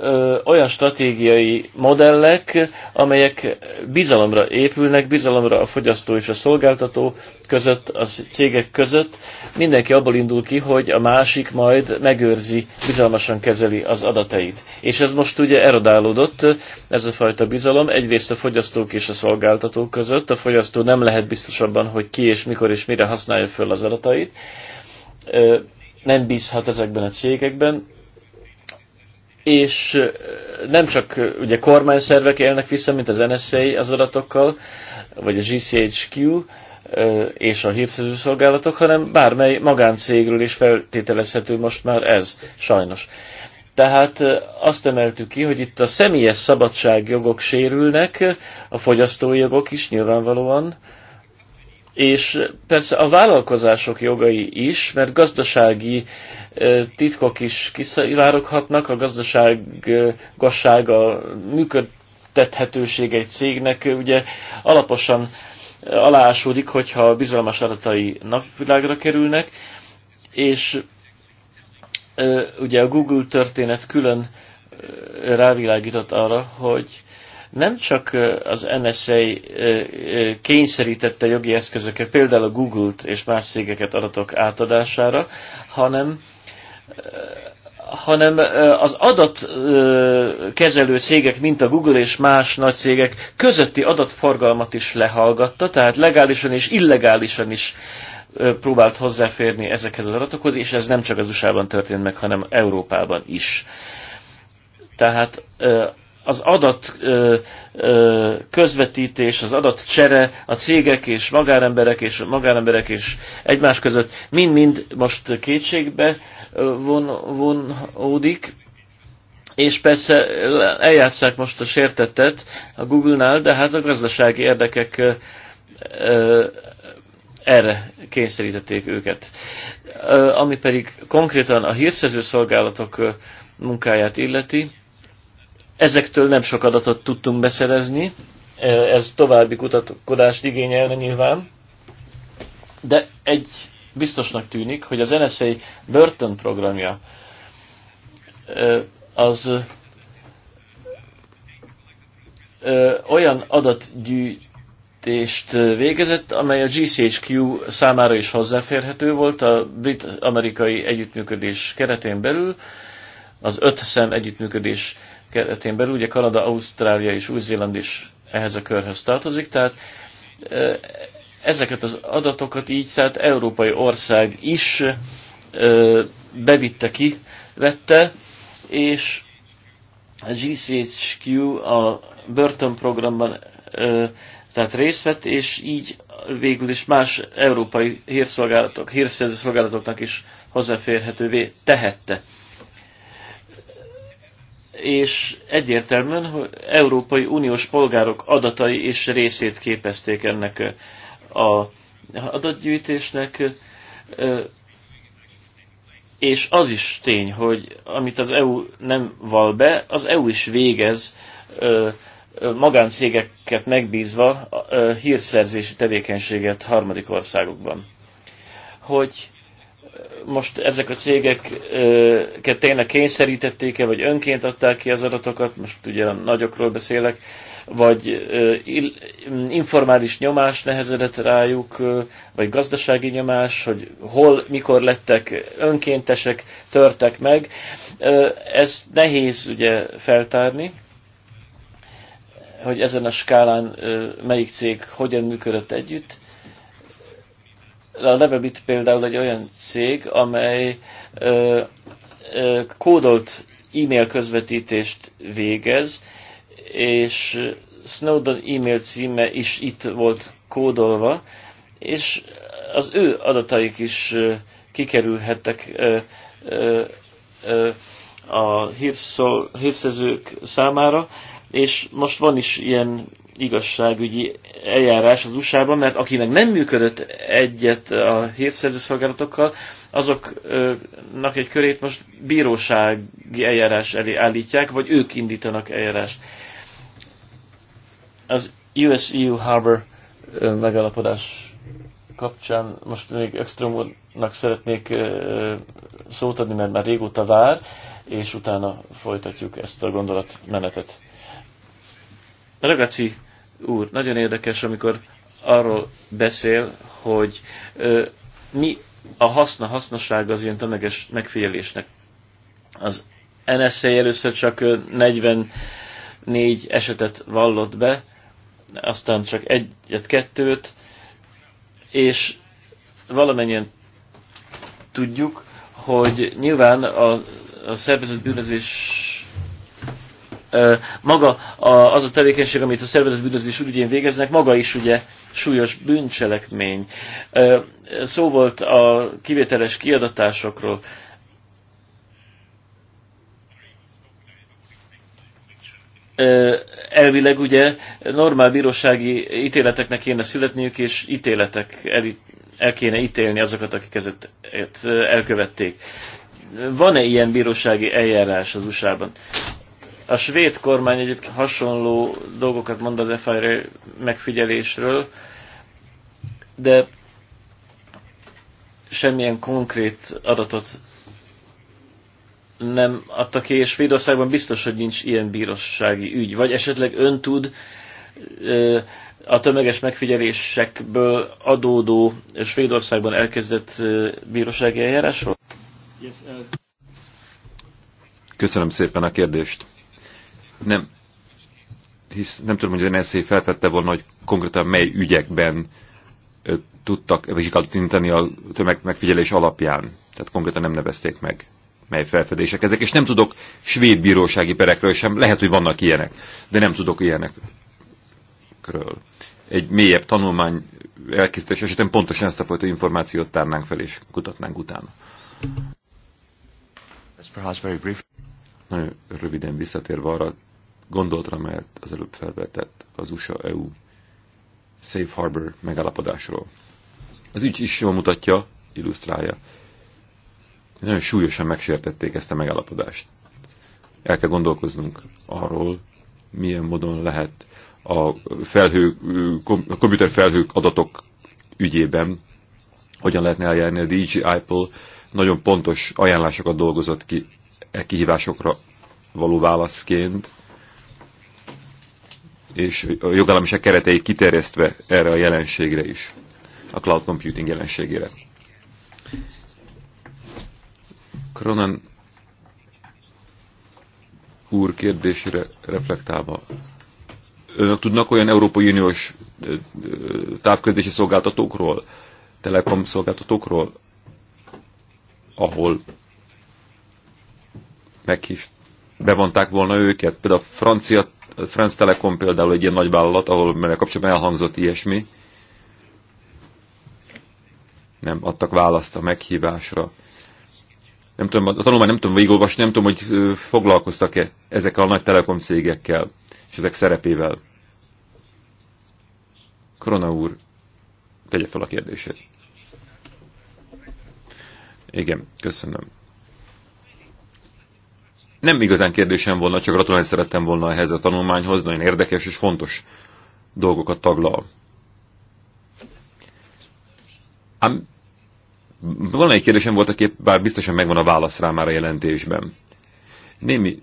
ö, olyan stratégiai modellek, amelyek bizalomra épülnek, bizalomra a fogyasztó és a szolgáltató között, a cégek között. Mindenki abból indul ki, hogy a másik majd megőrzi, bizalmasan kezeli az adatait. És ez most ugye erodálódott, ez a fajta bizalom, egyrészt a fogyasztók és a szolgáltatók között. A fogyasztó nem lehet biztosabban, hogy ki és mikor és mire használja föl az adatait. Ö, nem bízhat ezekben a cégekben, és nem csak ugye kormányszervek élnek vissza, mint az NSA az adatokkal, vagy a GCHQ és a hírszerző szolgálatok, hanem bármely magáncégről is feltételezhető most már ez, sajnos. Tehát azt emeltük ki, hogy itt a személyes szabadságjogok sérülnek, a fogyasztói jogok is nyilvánvalóan, és persze a vállalkozások jogai is, mert gazdasági titkok is kiszivároghatnak, a gazdaságossága működtethetőség egy cégnek ugye alaposan aláásódik, hogyha bizalmas adatai napvilágra kerülnek, és ugye a Google történet külön rávilágított arra, hogy nem csak az NSA kényszerítette jogi eszközöket, például a Google-t és más cégeket adatok átadására, hanem hanem az adatkezelő cégek, mint a Google és más nagy cégek közötti adatforgalmat is lehallgatta, tehát legálisan és illegálisan is próbált hozzáférni ezekhez az adatokhoz, és ez nem csak az USA-ban történt meg, hanem Európában is. Tehát az adat ö, ö, közvetítés, az adat csere, a cégek és magáremberek és magáremberek és egymás között mind-mind most kétségbe von, vonódik, és persze eljátszák most a sértettet a Google-nál, de hát a gazdasági érdekek ö, ö, erre kényszerítették őket. Ö, ami pedig konkrétan a hírszerző szolgálatok munkáját illeti, Ezektől nem sok adatot tudtunk beszerezni, e, ez további kutatkodást igényelne nyilván, de egy biztosnak tűnik, hogy az NSA Burton programja e, az e, olyan adatgyűjtést végezett, amely a GCHQ számára is hozzáférhető volt a brit-amerikai együttműködés keretén belül, az öt szem együttműködés keretén belül, ugye Kanada, Ausztrália és Új-Zéland is ehhez a körhöz tartozik, tehát ezeket az adatokat így, tehát európai ország is bevitte ki, vette, és a GCHQ a Burton programban tehát részt vett, és így végül is más európai hírszolgálatok, hírszerző szolgálatoknak is hozzáférhetővé tehette és egyértelműen hogy Európai Uniós polgárok adatai és részét képezték ennek a adatgyűjtésnek, és az is tény, hogy amit az EU nem val be, az EU is végez magáncégeket megbízva hírszerzési tevékenységet harmadik országokban. Hogy most ezek a cégeket tényleg kényszerítették-e, vagy önként adták ki az adatokat, most ugye a nagyokról beszélek, vagy informális nyomás nehezedett rájuk, vagy gazdasági nyomás, hogy hol, mikor lettek önkéntesek, törtek meg. Ez nehéz ugye feltárni, hogy ezen a skálán melyik cég hogyan működött együtt a Levebit például egy olyan cég, amely ö, ö, kódolt e-mail közvetítést végez, és Snowden e-mail címe is itt volt kódolva, és az ő adataik is kikerülhettek a hírszerzők számára, és most van is ilyen igazságügyi eljárás az USA-ban, mert akinek nem működött egyet a hírszerzőszolgálatokkal, azoknak egy körét most bírósági eljárás elé állítják, vagy ők indítanak eljárást. Az US-EU e Harbor megalapodás kapcsán most még Extrém szeretnék szót adni, mert már régóta vár, és utána folytatjuk ezt a gondolatmenetet. Ragazzi, úr, nagyon érdekes, amikor arról beszél, hogy ö, mi a haszna, hasznossága az ilyen tömeges megfigyelésnek. Az NSA először csak 44 esetet vallott be, aztán csak egyet, kettőt, és valamennyien tudjuk, hogy nyilván a, a szervezett bűnözés maga az a tevékenység, amit a szervezet ügyén végeznek, maga is ugye súlyos bűncselekmény. Szó volt a kivételes kiadatásokról. Elvileg ugye normál bírósági ítéleteknek kéne születniük, és ítéletek el, el kéne ítélni azokat, akik ezt elkövették. Van-e ilyen bírósági eljárás az USA-ban? A svéd kormány egyébként hasonló dolgokat mond az FIRE megfigyelésről, de semmilyen konkrét adatot nem adta ki, és Svédországban biztos, hogy nincs ilyen bírósági ügy. Vagy esetleg ön tud a tömeges megfigyelésekből adódó Svédországban elkezdett bírósági eljárásról? Uh, Köszönöm szépen a kérdést nem, hisz, nem tudom, hogy az NSZ feltette volna, hogy konkrétan mely ügyekben ö, tudtak vizsgálatot inteni a tömegmegfigyelés alapján. Tehát konkrétan nem nevezték meg, mely felfedések ezek. És nem tudok svéd bírósági perekről sem, lehet, hogy vannak ilyenek, de nem tudok ilyenekről. Egy mélyebb tanulmány elkészítés esetén pontosan ezt a fajta információt tárnánk fel és kutatnánk utána. very Nagyon röviden visszatérve arra Gondoltra, mert az előbb felvetett az USA-EU Safe Harbor megállapodásról. Az ügy is jól mutatja, illusztrálja. Nagyon súlyosan megsértették ezt a megállapodást. El kell gondolkoznunk arról, milyen módon lehet a, felhő, a komputer felhők adatok ügyében, hogyan lehetne eljárni a DJI Apple nagyon pontos ajánlásokat dolgozott ki e kihívásokra való válaszként, és a jogállamiság kereteit kiterjesztve erre a jelenségre is, a cloud computing jelenségére. Kronan úr kérdésére reflektálva, önök tudnak olyan Európai Uniós távközlési szolgáltatókról, telekom szolgáltatókról, ahol meghív, bevonták volna őket. Például a francia France Telekom például egy ilyen nagy vállalat, ahol mert kapcsolatban elhangzott ilyesmi, nem adtak választ a meghívásra. Nem tudom, a tanulmány nem tudom végigolvasni, nem tudom, hogy foglalkoztak-e ezekkel a nagy telekom cégekkel és ezek szerepével. Korona úr, tegye fel a kérdését. Igen, köszönöm. Nem igazán kérdésem volna, csak gratulálni szerettem volna ehhez a tanulmányhoz, nagyon érdekes és fontos dolgokat taglal. Ám van egy kérdésem volt, aki bár biztosan megvan a válasz rá már a jelentésben. Némi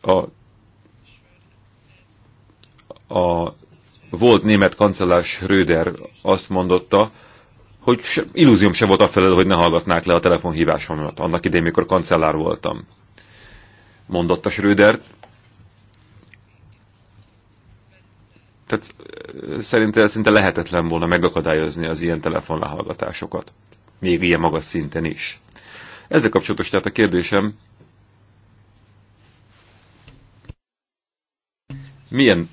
a, a volt német kancellár Röder azt mondotta, hogy se, illúzióm sem volt felel, hogy ne hallgatnák le a telefonhívásomat annak idején, mikor kancellár voltam. Mondott a Schrödert. Tehát szerintem szinte lehetetlen volna megakadályozni az ilyen telefonlehallgatásokat. Még ilyen magas szinten is. Ezzel kapcsolatos tehát a kérdésem, milyen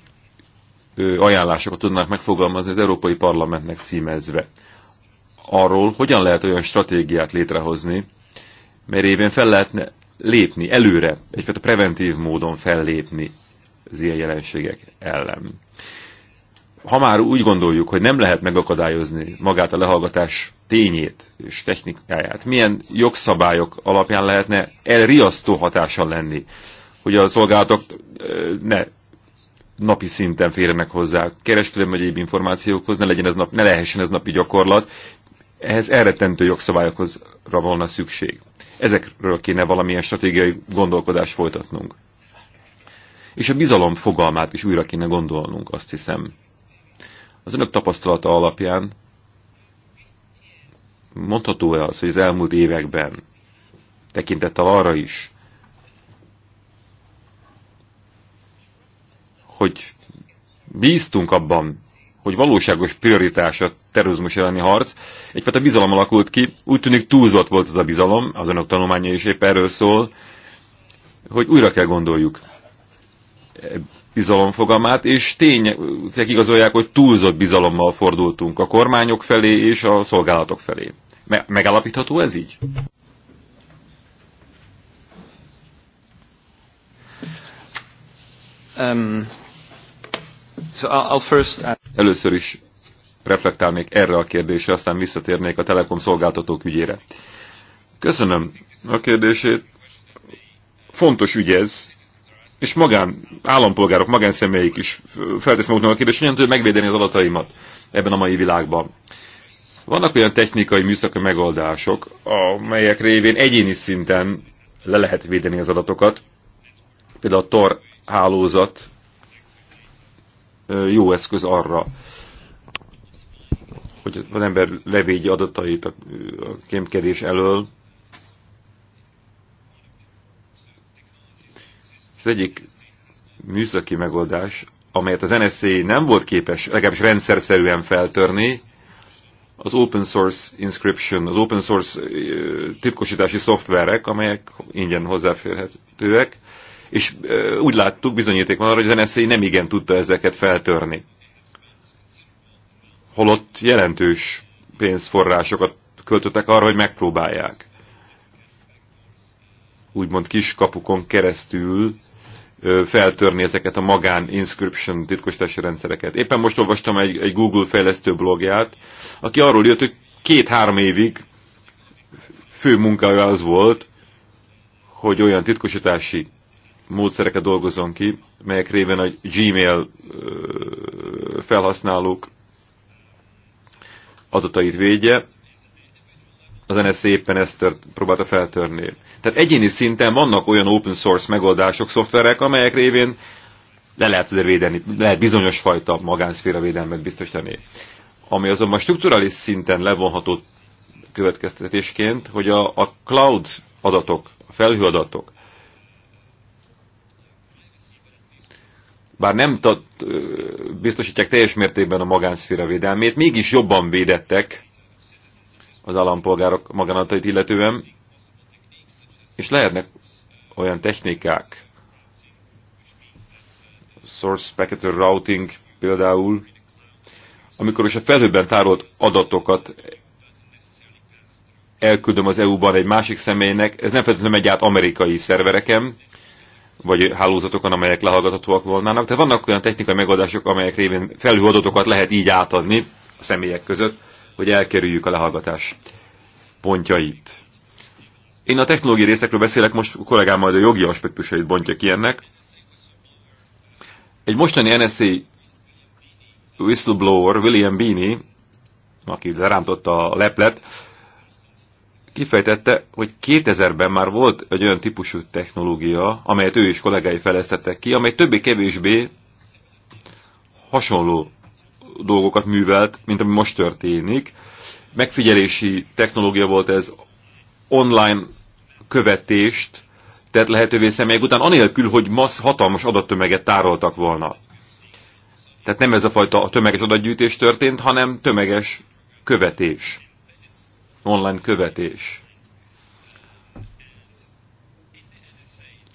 ajánlásokat tudnak megfogalmazni az Európai Parlamentnek címezve arról, hogyan lehet olyan stratégiát létrehozni, mert évén fel lehetne lépni előre, egyfajta preventív módon fellépni az ilyen jelenségek ellen. Ha már úgy gondoljuk, hogy nem lehet megakadályozni magát a lehallgatás tényét és technikáját, milyen jogszabályok alapján lehetne elriasztó hatással lenni, hogy a szolgálatok ne napi szinten férjenek hozzá kereskedelmi egyéb információkhoz, ne, legyen ez nap, ne lehessen ez napi gyakorlat, ehhez elrettentő jogszabályokra volna szükség. Ezekről kéne valamilyen stratégiai gondolkodást folytatnunk. És a bizalom fogalmát is újra kéne gondolnunk, azt hiszem. Az önök tapasztalata alapján mondható-e az, hogy az elmúlt években tekintettel arra is, hogy bíztunk abban, hogy valóságos prioritás a terrorizmus elleni harc. Egyfajta bizalom alakult ki, úgy tűnik túlzott volt ez a bizalom, az önök tanulmánya is épp erről szól, hogy újra kell gondoljuk e bizalom fogalmát, és tények igazolják, hogy túlzott bizalommal fordultunk a kormányok felé és a szolgálatok felé. megállapítható ez így? Um, So I'll first... Először is reflektálnék erre a kérdésre, aztán visszatérnék a telekom szolgáltatók ügyére. Köszönöm a kérdését. Fontos ügy ez, és magán állampolgárok, magánszemélyik is feltesz maguknak a kérdést, hogyan tudja megvédeni az adataimat ebben a mai világban. Vannak olyan technikai műszaki megoldások, amelyek révén egyéni szinten le lehet védeni az adatokat. Például a TOR hálózat jó eszköz arra, hogy az ember levédje adatait a kémkedés elől. Az egyik műszaki megoldás, amelyet az NSA nem volt képes legalábbis rendszerszerűen feltörni, az open source inscription, az open source titkosítási szoftverek, amelyek ingyen hozzáférhetőek, és úgy láttuk, bizonyíték van arra, hogy az NSA nem igen tudta ezeket feltörni. Holott jelentős pénzforrásokat költöttek arra, hogy megpróbálják. Úgymond kis kapukon keresztül feltörni ezeket a magán inscription titkosítási rendszereket. Éppen most olvastam egy, egy Google fejlesztő blogját, aki arról jött, hogy két-három évig fő munkája az volt, hogy olyan titkosítási módszereket dolgozom ki, melyek révén a Gmail felhasználók adatait védje. Az NSA éppen ezt tört, próbálta feltörni. Tehát egyéni szinten vannak olyan open source megoldások, szoftverek, amelyek révén le lehet azért védeni, lehet bizonyos fajta magánszféra védelmet biztosítani. Ami azonban strukturális szinten levonható következtetésként, hogy a, a cloud adatok, a felhőadatok, bár nem tat, biztosítják teljes mértékben a magánszféra védelmét, mégis jobban védettek az állampolgárok magánatait illetően, és lehetnek olyan technikák, source packet routing például, amikor is a felhőben tárolt adatokat elküldöm az EU-ban egy másik személynek, ez nem feltétlenül megy át amerikai szervereken, vagy hálózatokon, amelyek lehallgathatóak volnának. tehát vannak olyan technikai megoldások, amelyek révén felhő adatokat lehet így átadni a személyek között, hogy elkerüljük a lehallgatás pontjait. Én a technológiai részekről beszélek, most a kollégám majd a jogi aspektusait bontja ki ennek. Egy mostani NSA whistleblower, William Beanie, aki rámtotta a leplet, kifejtette, hogy 2000-ben már volt egy olyan típusú technológia, amelyet ő és kollégái fejlesztettek ki, amely többé-kevésbé hasonló dolgokat művelt, mint ami most történik. Megfigyelési technológia volt ez, online követést tett lehetővé személyek után, anélkül, hogy massz hatalmas adattömeget tároltak volna. Tehát nem ez a fajta tömeges adatgyűjtés történt, hanem tömeges követés online követés.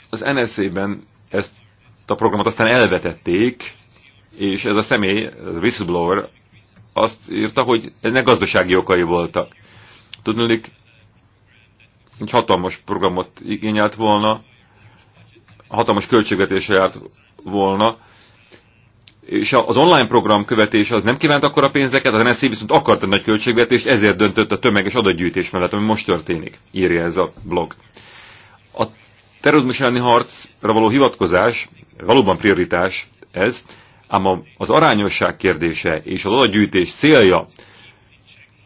Az NSZ-ben ezt a programot aztán elvetették, és ez a személy, a whistleblower, azt írta, hogy ennek gazdasági okai voltak. Tudnulik, egy hatalmas programot igényelt volna, hatalmas költségvetése járt volna, és az online program követése az nem kívánt akkor a pénzeket, az MSZ viszont akart egy nagy költségvetést, ezért döntött a tömeges adatgyűjtés mellett, ami most történik, írja ez a blog. A terrorizmus elleni harcra való hivatkozás valóban prioritás ez, ám az arányosság kérdése és az adatgyűjtés célja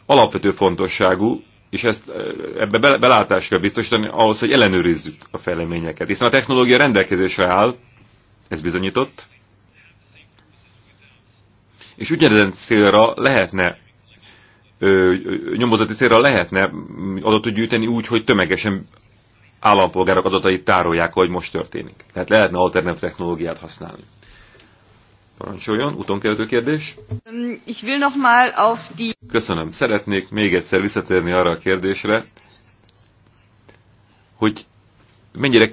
alapvető fontosságú, és ezt e, ebbe belátást kell biztosítani ahhoz, hogy ellenőrizzük a fejleményeket. Hiszen a technológia rendelkezésre áll, ez bizonyított, és ugyanezen célra lehetne nyomozati célra lehetne adatot gyűjteni úgy, hogy tömegesen állampolgárok adatait tárolják, ahogy most történik. Tehát lehetne alternatív technológiát használni. Parancsoljon, utonkerülő kérdés. Um, ich will noch mal auf die... Köszönöm. Szeretnék még egyszer visszatérni arra a kérdésre, hogy mennyire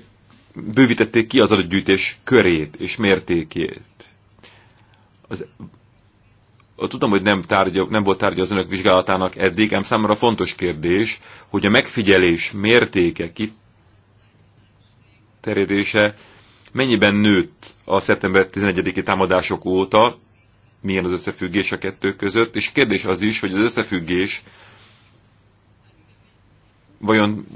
bővítették ki az adatgyűjtés körét és mértékét. Az tudom, hogy nem, tárgya, nem volt tárgya az önök vizsgálatának eddig, ám számomra fontos kérdés, hogy a megfigyelés mértéke, kiterjedése mennyiben nőtt a szeptember 11-i támadások óta, milyen az összefüggés a kettő között, és kérdés az is, hogy az összefüggés vajon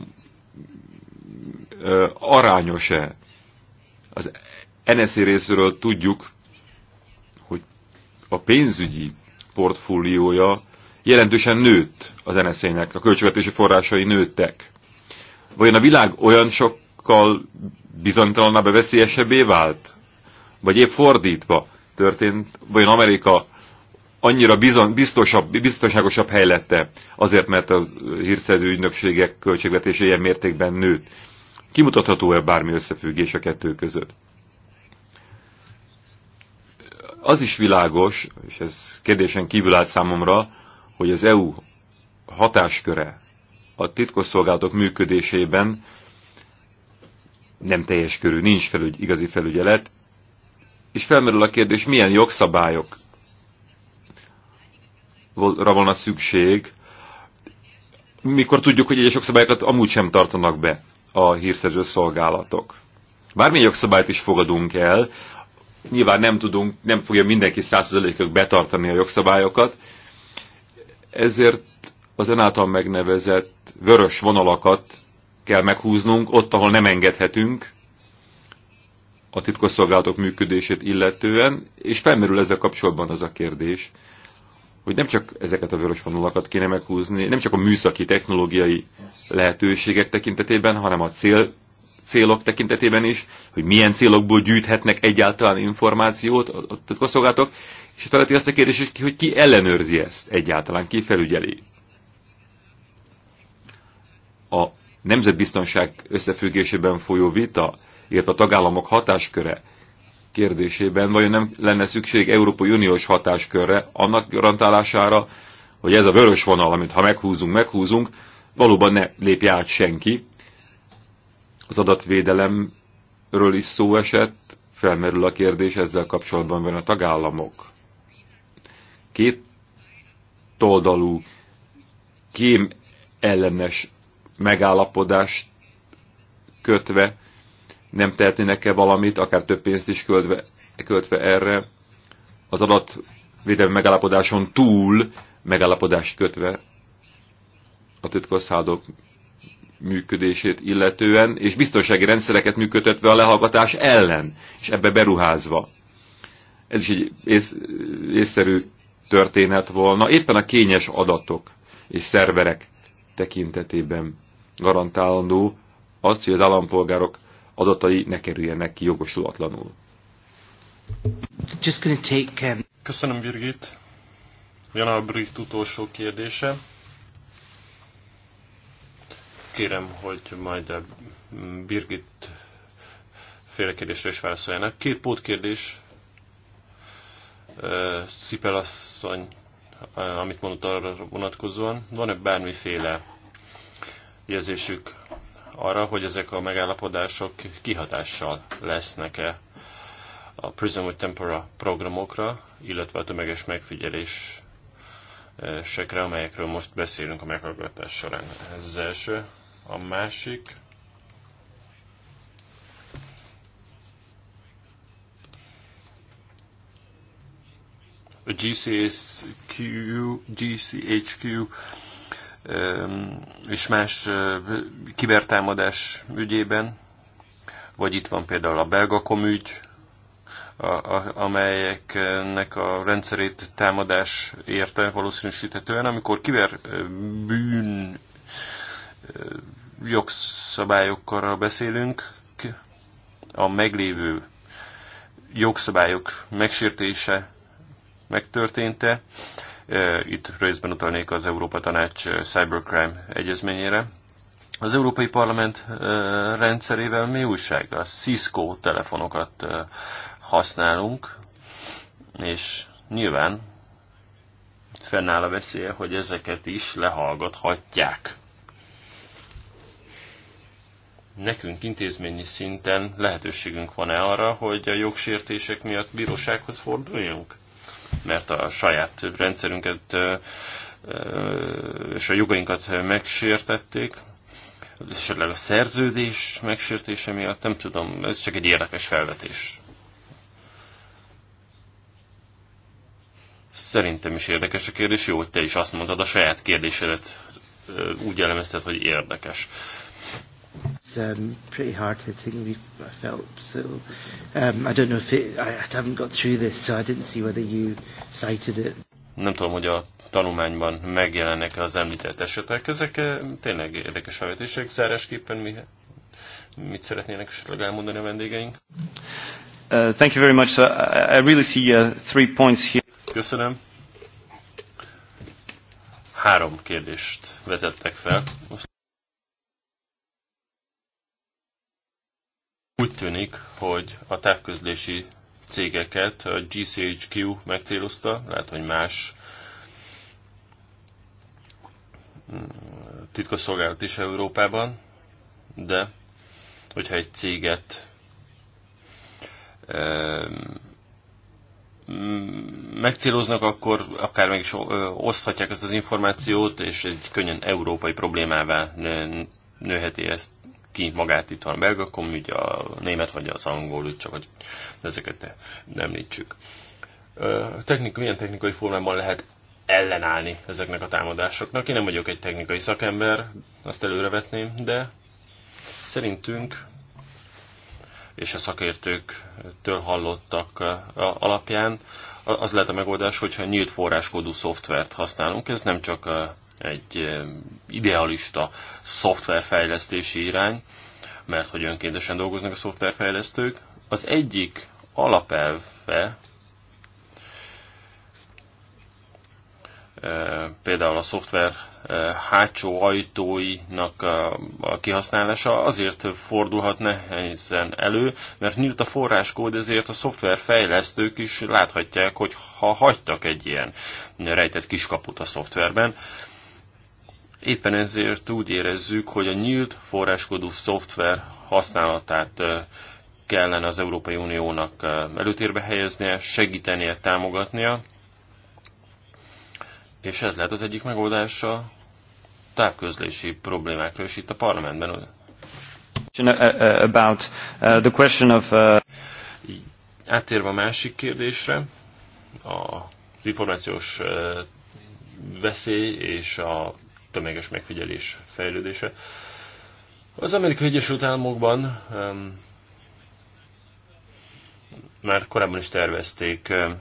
arányos-e? Az NSZ részéről tudjuk, a pénzügyi portfóliója jelentősen nőtt az NSZ-nek, a költségvetési forrásai nőttek. Vajon a világ olyan sokkal bizonytalanabb, veszélyesebbé vált? Vagy épp fordítva történt, vajon Amerika annyira bizon, biztosabb, biztonságosabb hely lette, azért mert a hírszerző ügynökségek költségvetése ilyen mértékben nőtt. Kimutatható-e bármi összefüggés a kettő között? Az is világos, és ez kérdésen kívül áll számomra, hogy az EU hatásköre a titkosszolgálatok működésében nem teljes körű, nincs felügy, igazi felügyelet, és felmerül a kérdés, milyen jogszabályok volna szükség, mikor tudjuk, hogy egyes jogszabályokat amúgy sem tartanak be a hírszerző szolgálatok. Bármilyen jogszabályt is fogadunk el, Nyilván nem tudunk, nem fogja mindenki százszerzelékig betartani a jogszabályokat, ezért az önáltal megnevezett vörös vonalakat kell meghúznunk, ott, ahol nem engedhetünk a titkosszolgálatok működését illetően, és felmerül ezzel kapcsolatban az a kérdés, hogy nem csak ezeket a vörös vonalakat kéne meghúzni, nem csak a műszaki, technológiai lehetőségek tekintetében, hanem a cél célok tekintetében is, hogy milyen célokból gyűjthetnek egyáltalán információt a titkosszolgálatok, és feleti azt a kérdést, hogy ki ellenőrzi ezt egyáltalán, ki felügyeli. A nemzetbiztonság összefüggésében folyó vita, illetve a tagállamok hatásköre kérdésében, vajon nem lenne szükség Európai Uniós hatáskörre annak garantálására, hogy ez a vörös vonal, amit ha meghúzunk, meghúzunk, valóban ne lépj át senki, az adatvédelemről is szó esett, felmerül a kérdés ezzel kapcsolatban van a tagállamok. Két toldalú kém ellenes megállapodást kötve nem tehetnének-e valamit, akár több pénzt is költve, költve erre, az adatvédelmi megállapodáson túl megállapodást kötve a titkosszádok működését illetően, és biztonsági rendszereket működtetve a lehallgatás ellen, és ebbe beruházva. Ez is egy ész, észszerű történet volna, éppen a kényes adatok és szerverek tekintetében garantálandó azt, hogy az állampolgárok adatai ne kerüljenek ki jogosulatlanul. Just gonna take, um, Köszönöm, Birgit. a brit utolsó kérdése kérem, hogy majd a Birgit féle kérdésre is válaszoljanak. Két pótkérdés. Szipel asszony, amit mondott arra vonatkozóan, van-e bármiféle jelzésük arra, hogy ezek a megállapodások kihatással lesznek-e a Prism with Tempora programokra, illetve a tömeges megfigyelésekre, amelyekről most beszélünk a meghallgatás során. Ez az első. A másik a GCHQ, GCHQ um, és más uh, kibertámadás ügyében, vagy itt van például a belgakom ügy, a, a, amelyeknek a rendszerét támadás érte valószínűsíthetően, amikor bűn Jogszabályokkal beszélünk, a meglévő jogszabályok megsértése megtörténte. Itt részben utalnék az Európa Tanács Cybercrime egyezményére. Az Európai Parlament rendszerével mi újság? A Cisco telefonokat használunk, és nyilván fennáll a veszélye, hogy ezeket is lehallgathatják nekünk intézményi szinten lehetőségünk van-e arra, hogy a jogsértések miatt bírósághoz forduljunk? Mert a saját rendszerünket és a jogainkat megsértették, esetleg a szerződés megsértése miatt, nem tudom, ez csak egy érdekes felvetés. Szerintem is érdekes a kérdés, jó, hogy te is azt mondtad, a saját kérdésedet úgy elemezted, hogy érdekes. It's um, pretty hard hitting, we, I felt. So um, I don't know if it, I, I haven't got through this, so I didn't see whether you cited it. Nem tudom, hogy a tanulmányban megjelennek az említett esetek. Ezek eh, tényleg érdekes felvetések. Zárásképpen mi, mit szeretnének esetleg elmondani a vendégeink? Uh, thank you very much. I really see uh, three points here. Köszönöm. Három kérdést vetettek fel. Most Úgy tűnik, hogy a távközlési cégeket a GCHQ megcélozta, lehet, hogy más mm, titkosszolgálat is Európában, de hogyha egy céget mm, megcéloznak, akkor akár meg is oszthatják ezt az információt, és egy könnyen európai problémává nőheti ezt ki magát itt van a belga ugye a német vagy az angol, csak hogy ezeket ne, ne említsük. Technika, milyen technikai formában lehet ellenállni ezeknek a támadásoknak? Én nem vagyok egy technikai szakember, azt előrevetném, de szerintünk és a szakértőktől hallottak alapján az lehet a megoldás, hogyha nyílt forráskódú szoftvert használunk. Ez nem csak egy idealista szoftverfejlesztési irány, mert hogy önkéntesen dolgoznak a szoftverfejlesztők. Az egyik alapelve például a szoftver hátsó ajtóinak a kihasználása azért fordulhat nehezen elő, mert nyílt a forráskód, ezért a szoftverfejlesztők is láthatják, hogy ha hagytak egy ilyen rejtett kiskaput a szoftverben, Éppen ezért úgy érezzük, hogy a nyílt forráskodú szoftver használatát kellene az Európai Uniónak előtérbe helyeznie, segítenie, támogatnia, és ez lehet az egyik megoldása távközlési problémákra is itt a parlamentben. Uh, uh, about uh, the question of... Áttérve a másik kérdésre, az információs veszély és a tömeges megfigyelés fejlődése. Az Amerikai Egyesült Államokban um, már korábban is tervezték um,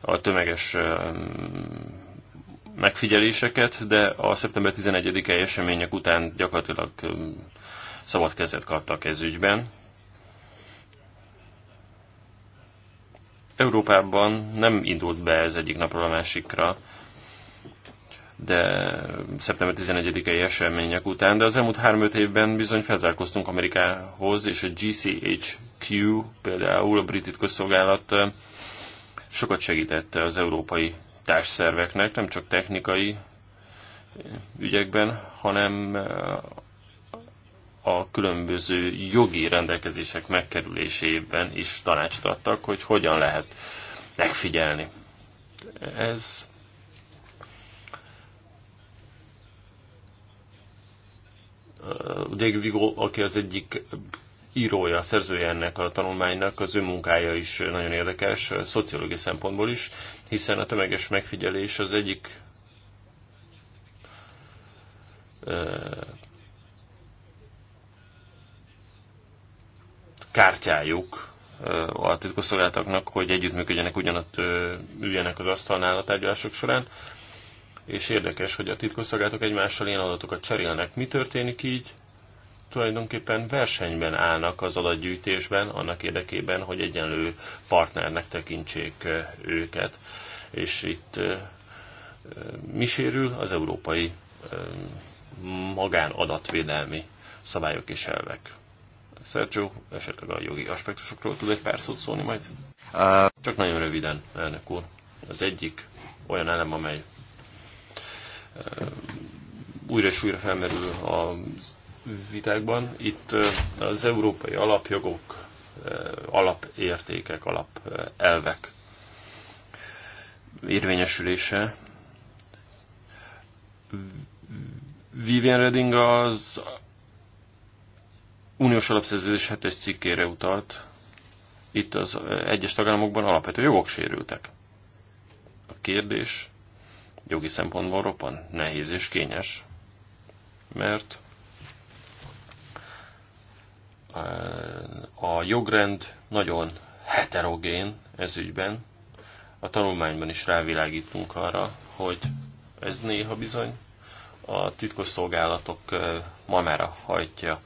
a tömeges um, megfigyeléseket, de a szeptember 11-i események után gyakorlatilag um, szabad kezet kaptak ez ügyben. Európában nem indult be ez egyik napról a másikra de szeptember 11-i események után, de az elmúlt 3-5 évben bizony felzárkoztunk Amerikához, és a GCHQ, például a brit közszolgálat sokat segítette az európai társszerveknek, nem csak technikai ügyekben, hanem a különböző jogi rendelkezések megkerülésében is tanácsot adtak, hogy hogyan lehet megfigyelni. Ez Uh, Dave Vigo, aki az egyik írója, szerzője ennek a tanulmánynak, az ő munkája is nagyon érdekes, szociológiai szempontból is, hiszen a tömeges megfigyelés az egyik uh, kártyájuk uh, a titkosszolgálatoknak, hogy együttműködjenek, ugyanott üljenek az asztalnál a tárgyalások során és érdekes, hogy a titkosszolgálatok egymással ilyen adatokat cserélnek. Mi történik így? Tulajdonképpen versenyben állnak az adatgyűjtésben, annak érdekében, hogy egyenlő partnernek tekintsék eh, őket. És itt eh, eh, mi sérül? Az európai magánadatvédelmi szabályok és elvek. Sergio esetleg a jogi aspektusokról tud egy pár szót szólni majd? Uh, Csak nagyon röviden, elnök úr. Az egyik olyan elem, amely újra és újra felmerül a vitákban. Itt az európai alapjogok, alapértékek, alapelvek érvényesülése. Vivian Redding az uniós alapszerződés 7 cikkére utalt. Itt az egyes tagállamokban alapvető jogok sérültek. A kérdés jogi szempontból roppan nehéz és kényes, mert eh, a jogrend nagyon heterogén ez ügyben. A tanulmányban is rávilágítunk arra, hogy ez néha bizony a titkosszolgálatok eh, mamára hajtja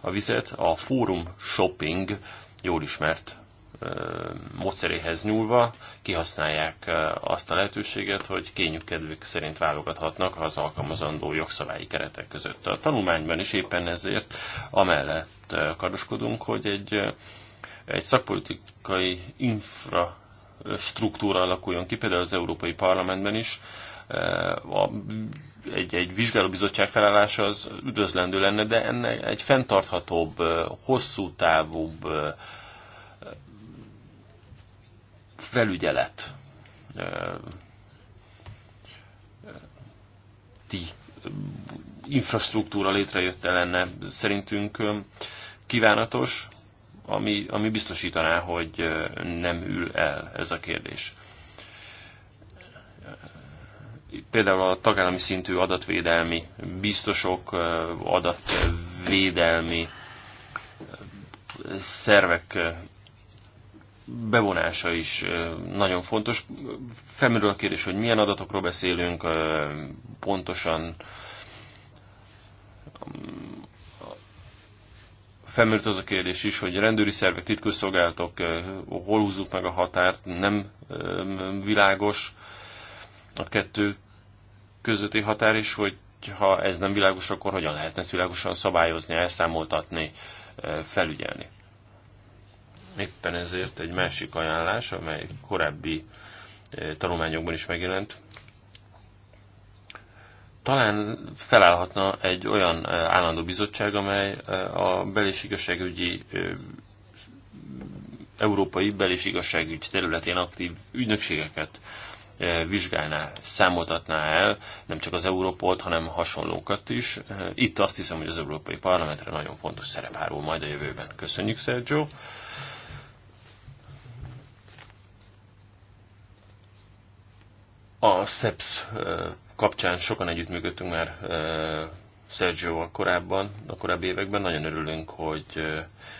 a vizet. A fórum shopping jól ismert módszeréhez nyúlva kihasználják azt a lehetőséget, hogy kényük kedvük szerint válogathatnak az alkalmazandó jogszabályi keretek között. A tanulmányban is éppen ezért amellett kardoskodunk, hogy egy, egy szakpolitikai infrastruktúra alakuljon ki, például az Európai Parlamentben is, a, egy, egy vizsgálóbizottság felállása az üdvözlendő lenne, de ennek egy fenntarthatóbb, hosszú távúbb felügyelet ti infrastruktúra létrejötte lenne szerintünk kívánatos, ami, ami biztosítaná, hogy nem ül el ez a kérdés. Például a tagállami szintű adatvédelmi biztosok, adatvédelmi szervek bevonása is nagyon fontos. Felmerül a kérdés, hogy milyen adatokról beszélünk, pontosan felmerült az a kérdés is, hogy rendőri szervek, titkosszolgálatok, hol húzzuk meg a határt, nem világos a kettő közötti határ, is, hogy ha ez nem világos, akkor hogyan lehetne ezt világosan szabályozni, elszámoltatni, felügyelni. Éppen ezért egy másik ajánlás, amely korábbi eh, tanulmányokban is megjelent, talán felállhatna egy olyan eh, állandó bizottság, amely eh, a bel- igazságügyi európai bel- igazságügy területén aktív ügynökségeket vizsgálná, számoltatná el, nem csak az Európolt, hanem hasonlókat is. Itt azt hiszem, hogy az Európai Parlamentre nagyon fontos szerep hárul majd a jövőben. Köszönjük, Sergio! A SEPS kapcsán sokan együttműködtünk már sergio korábban, a korábbi években. Nagyon örülünk, hogy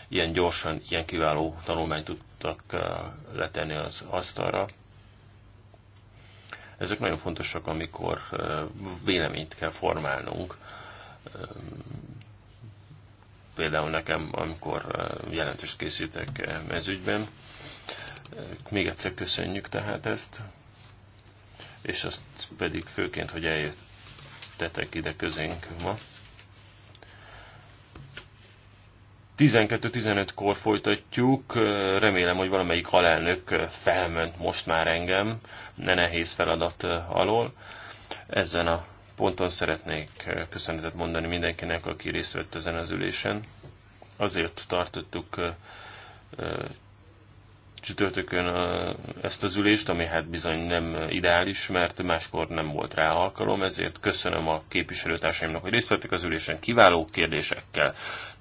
ilyen gyorsan, ilyen kiváló tanulmányt tudtak letenni az asztalra. Ezek nagyon fontosak, amikor véleményt kell formálnunk. Például nekem, amikor jelentést készítek ez ügyben. Még egyszer köszönjük tehát ezt és azt pedig főként, hogy eljöttetek ide közénk ma. 12-15-kor folytatjuk, remélem, hogy valamelyik halelnök felment most már engem, ne nehéz feladat alól. Ezen a ponton szeretnék köszönetet mondani mindenkinek, aki részt vett ezen az ülésen. Azért tartottuk csütörtökön ezt az ülést, ami hát bizony nem ideális, mert máskor nem volt rá alkalom, ezért köszönöm a képviselőtársaimnak, hogy részt vettek az ülésen, kiváló kérdésekkel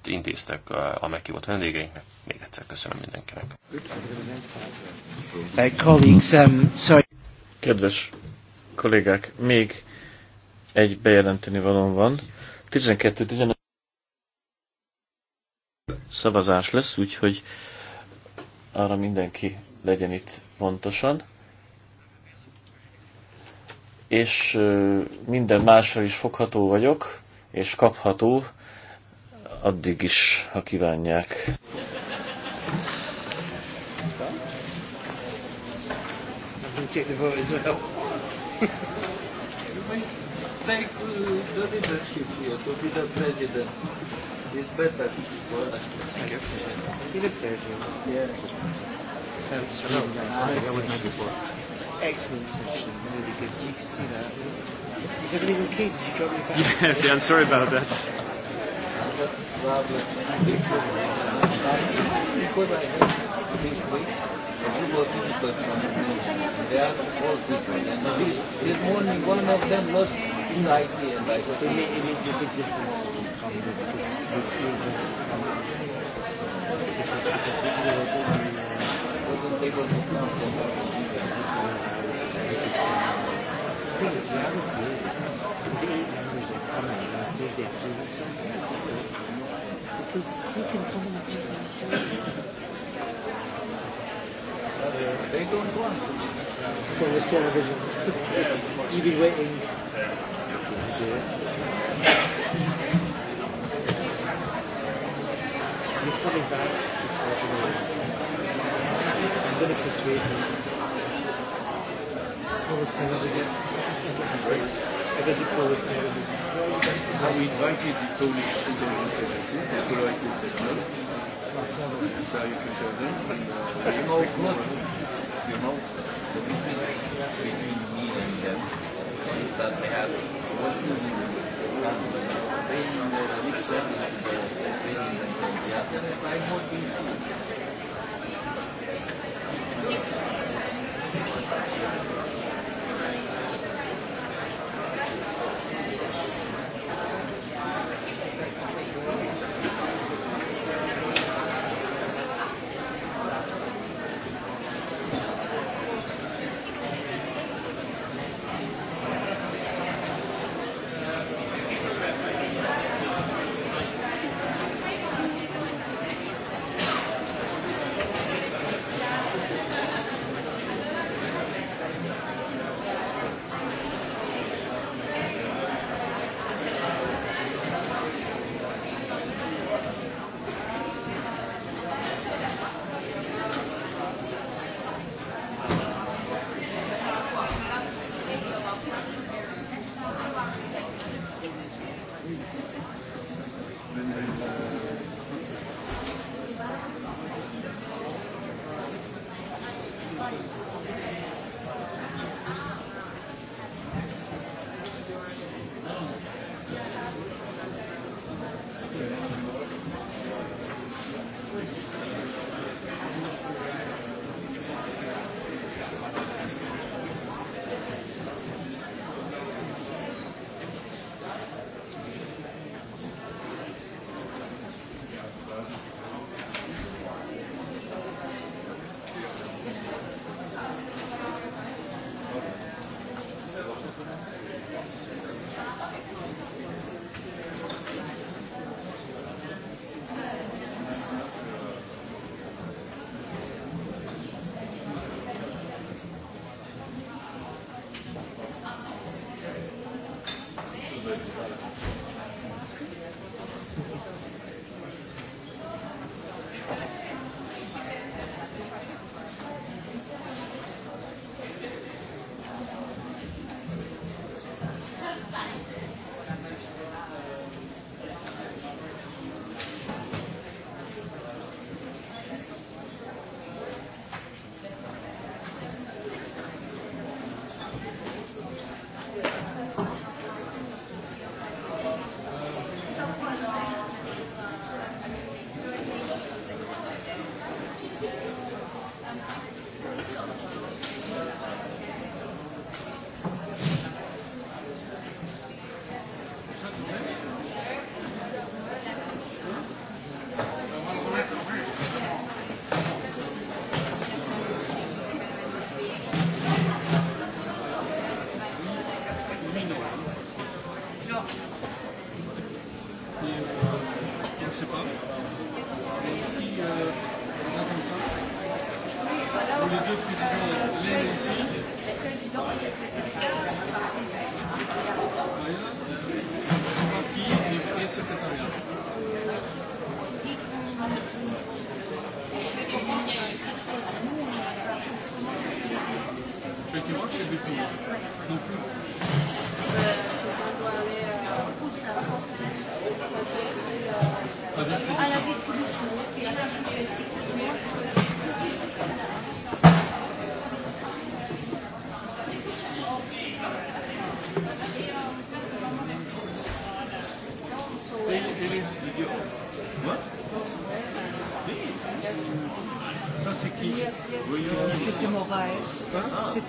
intéztek a meghívott vendégeinknek. Még egyszer köszönöm mindenkinek. Um, Kedves kollégák, még egy bejelenteni valóban van. 12-11 szavazás lesz, úgyhogy arra mindenki legyen itt pontosan. És minden másra is fogható vagyok, és kapható, addig is, ha kívánják. take the Thank you, President. It's better. Thank you. He lives Yeah. That's hello. Excellent session. Really good. You can see that. Is everything okay? Did you drop your bag? Yes. Yeah. I'm sorry about that. The people difficult from his name. They asked what's this one? And this, this morning one of them lost his ID and I thought... It, it makes a big difference from the, because the experience of from because, because the other one wasn't able to come so far. Because this is heritage from the thing is, reality Because you can come and They don't want to. So it's television. You've been waiting. You're coming back. I'm going to persuade you. Forward television. I got you forward television. Now we invited the Polish students to the Colorado Center. So you can do them. Remote, remote between me and them is that they have what you do training the which service the training them from the other framework in the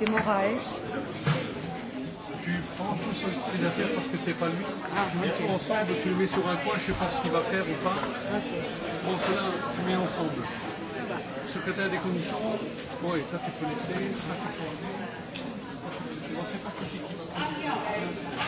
de Moraes. Tu prends tous ces affaires parce que c'est pas lui. Ah, okay. Et ensemble, tu le mets sur un coin, je pense qu'il va faire ou pas. Okay. Bon, cela, tu mets ensemble. Secrétaire des commissions, bon, et ça tu peux laisser, ça tu peux laisser. On ne sait pas qui va qui.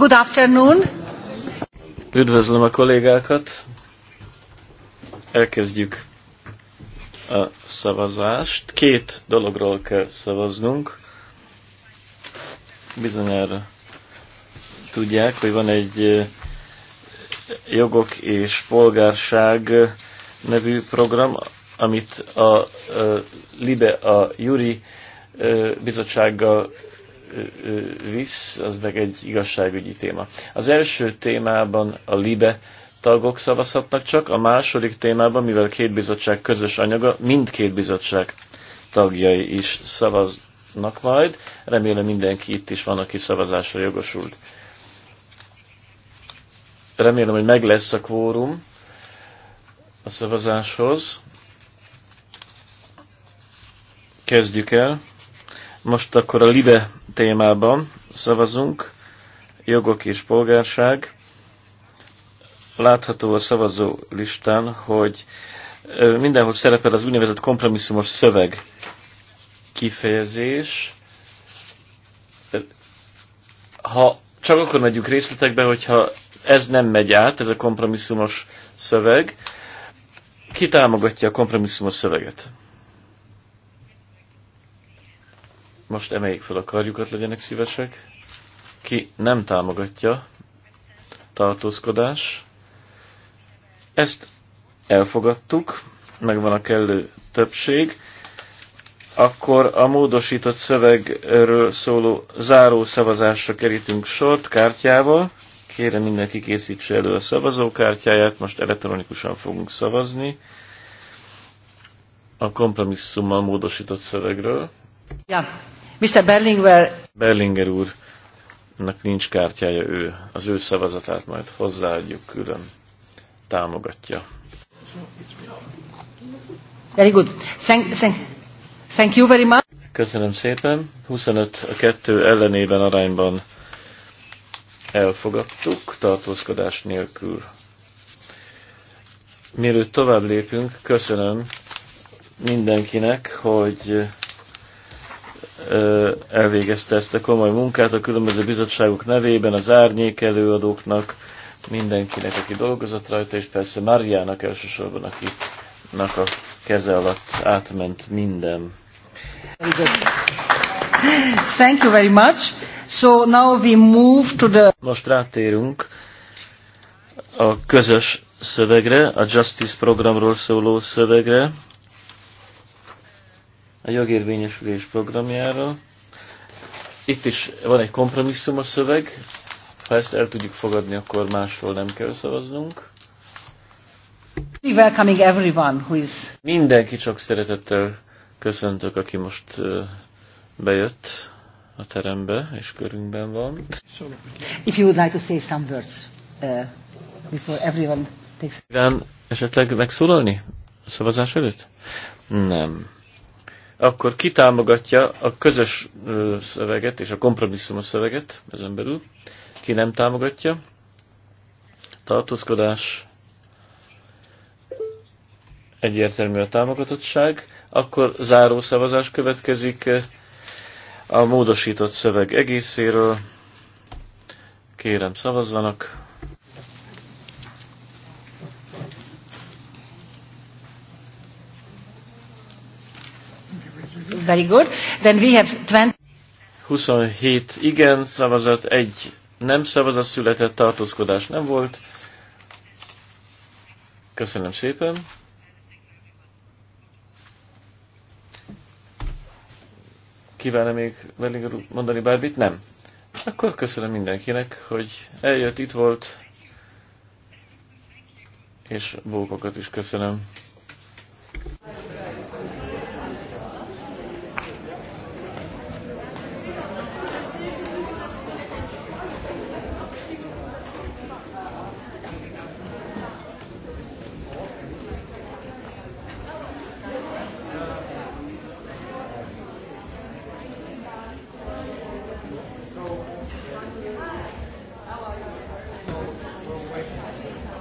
Good afternoon. Üdvözlöm a kollégákat. Elkezdjük a szavazást. Két dologról kell szavaznunk. Bizonyára tudják, hogy van egy eh, jogok és polgárság nevű program, amit a eh, Libe, a Juri eh, bizottsággal visz, az meg egy igazságügyi téma. Az első témában a LIBE tagok szavazhatnak csak, a második témában, mivel két bizottság közös anyaga, mindkét bizottság tagjai is szavaznak majd. Remélem mindenki itt is van, aki szavazásra jogosult. Remélem, hogy meg lesz a kvórum a szavazáshoz. Kezdjük el. Most akkor a LIBE témában szavazunk, jogok és polgárság. Látható a szavazó listán, hogy mindenhol szerepel az úgynevezett kompromisszumos szöveg kifejezés. Ha csak akkor megyünk részletekbe, hogyha ez nem megy át, ez a kompromisszumos szöveg, ki támogatja a kompromisszumos szöveget? Most emeljék fel a karjukat, legyenek szívesek. Ki nem támogatja, tartózkodás. Ezt elfogadtuk, megvan a kellő többség. Akkor a módosított szövegről szóló záró szavazásra kerítünk sort kártyával. Kérem mindenki készítse elő a szavazókártyáját, most elektronikusan fogunk szavazni a kompromisszummal módosított szövegről. Ja. Mr. Berlinger... Berlinger ennek nincs kártyája ő. Az ő szavazatát majd hozzáadjuk külön. Támogatja. Very good. Thank, thank, thank you very much. Köszönöm szépen. 25 a 2 ellenében arányban elfogadtuk, tartózkodás nélkül. Mielőtt tovább lépünk, köszönöm mindenkinek, hogy elvégezte ezt a komoly munkát a különböző bizottságok nevében, az árnyék előadóknak, mindenkinek, aki dolgozott rajta, és persze Máriának elsősorban, akinek a keze alatt átment minden. Thank you very much. So now we move to the... Most rátérünk a közös szövegre, a Justice programról szóló szövegre a jogérvényesülés programjára. Itt is van egy kompromisszum a szöveg, ha ezt el tudjuk fogadni, akkor másról nem kell szavaznunk. Welcoming everyone who is... Mindenki csak szeretettel köszöntök, aki most bejött a terembe, és körünkben van. If you would like to say some words uh, before everyone takes... Igen, esetleg megszólalni a szavazás előtt? Nem akkor kitámogatja a közös szöveget és a kompromisszumos szöveget ezen belül, ki nem támogatja, tartózkodás, egyértelmű a támogatottság, akkor záró szavazás következik a módosított szöveg egészéről. Kérem szavazzanak! very good. Then we have 20... 27 igen szavazat, egy nem szavazat született, tartózkodás nem volt. Köszönöm szépen. Kívánom még Bellinger mondani bármit? Nem. Akkor köszönöm mindenkinek, hogy eljött, itt volt, és bókokat is köszönöm.